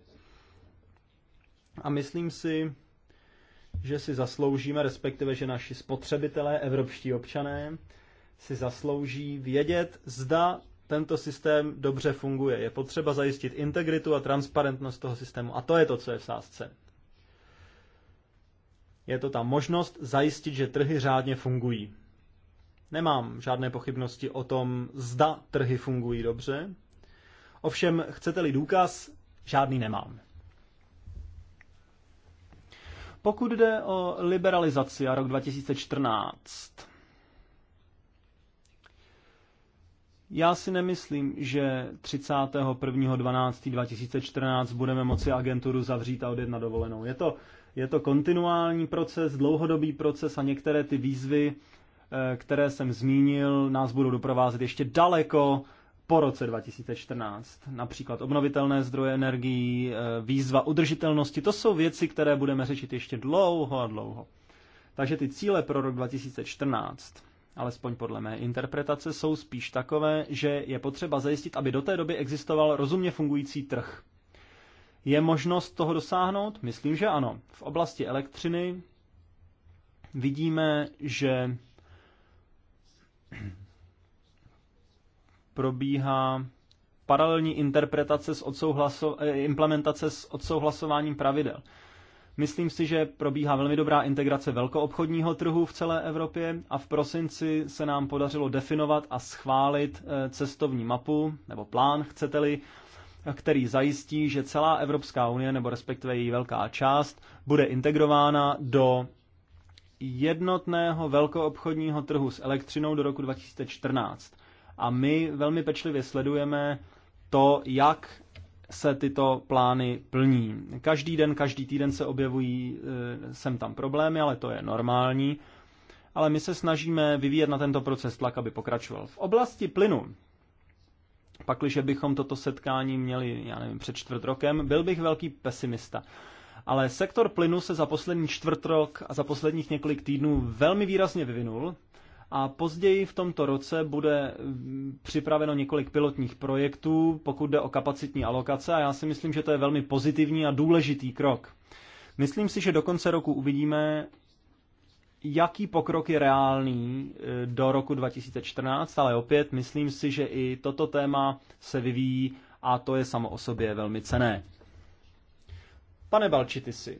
A myslím si, že si zasloužíme, respektive že naši spotřebitelé, evropští občané, si zaslouží vědět, zda tento systém dobře funguje. Je potřeba zajistit integritu a transparentnost toho systému. A to je to, co je v sázce. Je to ta možnost zajistit, že trhy řádně fungují. Nemám žádné pochybnosti o tom, zda trhy fungují dobře. Ovšem, chcete-li důkaz, žádný nemám. Pokud jde o liberalizaci a rok 2014, Já si nemyslím, že 31.12.2014 budeme moci agenturu zavřít a odjet na dovolenou. Je to, je to kontinuální proces, dlouhodobý proces a některé ty výzvy, eh, které jsem zmínil, nás budou doprovázet ještě daleko po roce 2014. Například obnovitelné zdroje energií, eh, výzva udržitelnosti, to jsou věci, které budeme řešit ještě dlouho a dlouho. Takže ty cíle pro rok 2014 alespoň podle mé interpretace, jsou spíš takové, že je potřeba zajistit, aby do té doby existoval rozumně fungující trh. Je možnost toho dosáhnout? Myslím, že ano. V oblasti elektřiny vidíme, že probíhá paralelní interpretace s eh, implementace s odsouhlasováním pravidel. Myslím si, že probíhá velmi dobrá integrace velkoobchodního trhu v celé Evropě a v prosinci se nám podařilo definovat a schválit eh, cestovní mapu nebo plán, chcete-li, který zajistí, že celá Evropská unie, nebo respektive její velká část, bude integrována do jednotného velkoobchodního trhu s elektřinou do roku 2014. A my velmi pečlivě sledujeme to, jak se tyto plány plní. Každý den, každý týden se objevují eh, sem tam problémy, ale to je normální. Ale my se snažíme vyvíjet na tento proces tlak, aby pokračoval. V oblasti plynu, pakliže bychom toto setkání měli, já nevím, před čtvrt rokem, byl bych velký pesimista. Ale sektor plynu se za poslední čtvrt rok a za posledních několik týdnů velmi výrazně vyvinul a později v tomto roce bude mm, připraveno několik pilotních projektů, pokud jde o kapacitní alokace, a já si myslím, že to je velmi pozitivní a důležitý krok. Myslím si, že do konce roku uvidíme, jaký pokrok je reálný e, do roku 2014, ale opět myslím si, že i toto téma se vyvíjí a to je samo o sobě velmi cené. Pane Balčitisi,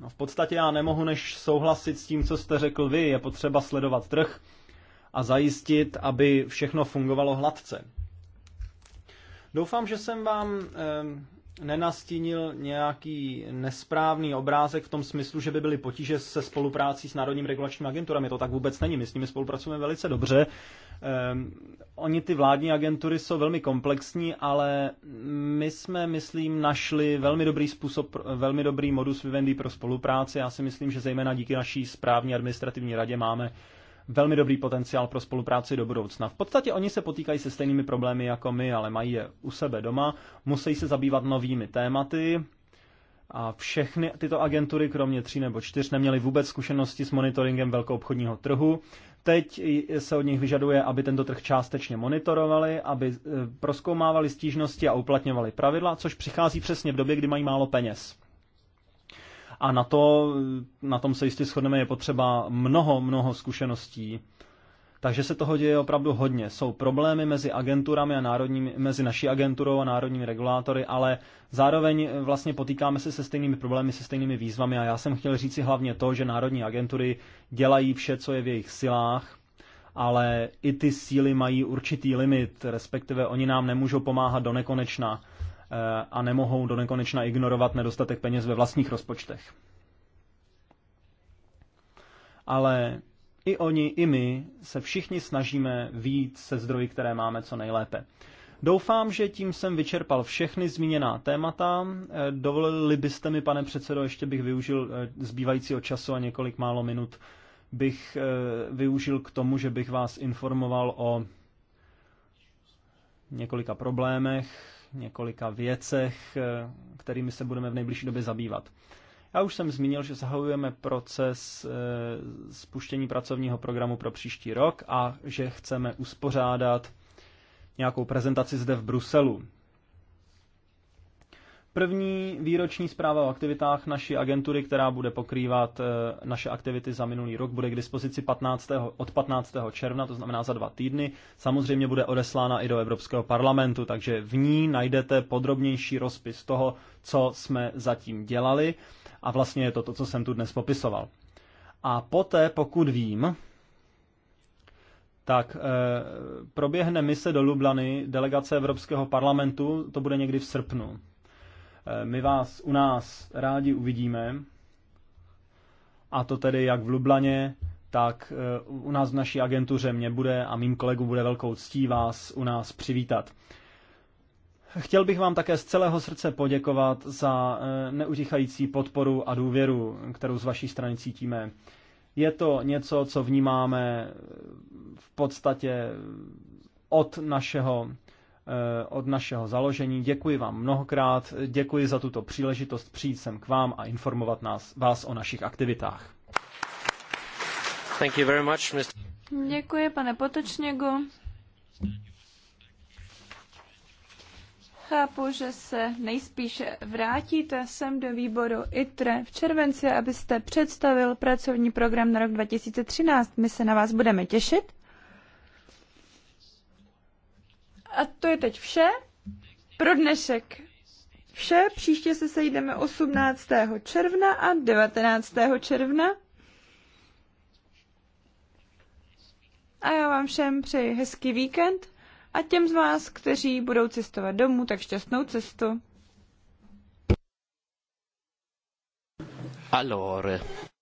No v podstatě já nemohu než souhlasit s tím, co jste řekl vy. Je potřeba sledovat trh a zajistit, aby všechno fungovalo hladce. Doufám, že jsem vám eh, nenastínil nějaký nesprávný obrázek v tom smyslu, že by byly potíže se spoluprácí s Národním regulačním agenturami. To tak vůbec není. My s nimi spolupracujeme velice dobře. Um, oni ty vládní agentury jsou velmi komplexní, ale my jsme, myslím, našli velmi dobrý způsob, velmi dobrý modus vivendi pro spolupráci. Já si myslím, že zejména díky naší správní administrativní radě máme velmi dobrý potenciál pro spolupráci do budoucna. V podstatě oni se potýkají se stejnými problémy jako my, ale mají je u sebe doma, musí se zabývat novými tématy, a všechny tyto agentury, kromě tří nebo čtyř, neměly vůbec zkušenosti s monitoringem velkou obchodního trhu. Teď se od nich vyžaduje, aby tento trh částečně monitorovali, aby eh, proskoumávali stížnosti a uplatňovali pravidla, což přichází přesně v době, kdy mají málo peněz. A na, to, na tom se jistě shodneme, je potřeba mnoho, mnoho zkušeností. Takže se toho děje opravdu hodně. Jsou problémy mezi agenturami a národními, mezi naší agenturou a národními regulátory, ale zároveň vlastně potýkáme se se stejnými problémy, se stejnými výzvami a já jsem chtěl říci hlavně to, že národní agentury dělají vše, co je v jejich silách, ale i ty síly mají určitý limit, respektive oni nám nemůžou pomáhat do nekonečna. Eh, a nemohou do nekonečna ignorovat nedostatek peněz ve vlastních rozpočtech. Ale i oni, i my se všichni snažíme víc se zdroji, které máme co nejlépe. Doufám, že tím jsem vyčerpal všechny zmíněná témata. Eh, dovolili byste mi, pane předsedo, ještě bych využil eh, zbývajícího času a několik málo minut bych využil k tomu, že bych vás informoval o několika problémech, několika věcech, eh, kterými se budeme v nejbližší době zabývat. Já už jsem zmínil, že zahajujeme proces eh, spuštění pracovního programu pro příští rok a že chceme uspořádat nějakou prezentaci zde v Bruselu. První výroční zpráva o aktivitách naší agentury, která bude pokrývat eh, naše aktivity za minulý rok, bude k dispozici 15. od 15. června, to znamená za dva týdny. Samozřejmě bude odeslána i do Evropského parlamentu, takže v ní najdete podrobnější rozpis toho, co jsme zatím dělali a vlastně je to to, co jsem tu dnes popisoval. A poté, pokud vím, tak e, proběhne mise do Lublany delegace Evropského parlamentu, to bude někdy v srpnu. Eh, my vás u nás rádi uvidíme, a to tedy jak v Lublaně, tak eh, u nás v naší agentuře mě bude a mým kolegům bude velkou ctí vás u nás přivítat. Chtěl bych vám také z celého srdce poděkovat za eh, neutichající podporu a důvěru, kterou z vaší strany cítíme. Je to něco, co vnímáme v podstatě od našeho Eh, od našeho založení. Děkuji vám mnohokrát, děkuji za tuto příležitost přijít sem k vám a informovat nás, vás o našich aktivitách. Thank you very much, Mr. Děkuji, pane Potočněgu. Chápu, že se nejspíše vrátíte sem do výboru ITRE v červenci, abyste představil pracovní program na rok 2013. My se na vás budeme těšit. A to je teď vše pro dnešek. Vše, příště se sejdeme 18. června a 19. června. A já vám všem přeji hezký víkend a těm z vás, kteří budou cestovat domů, tak šťastnou cestu. Allora.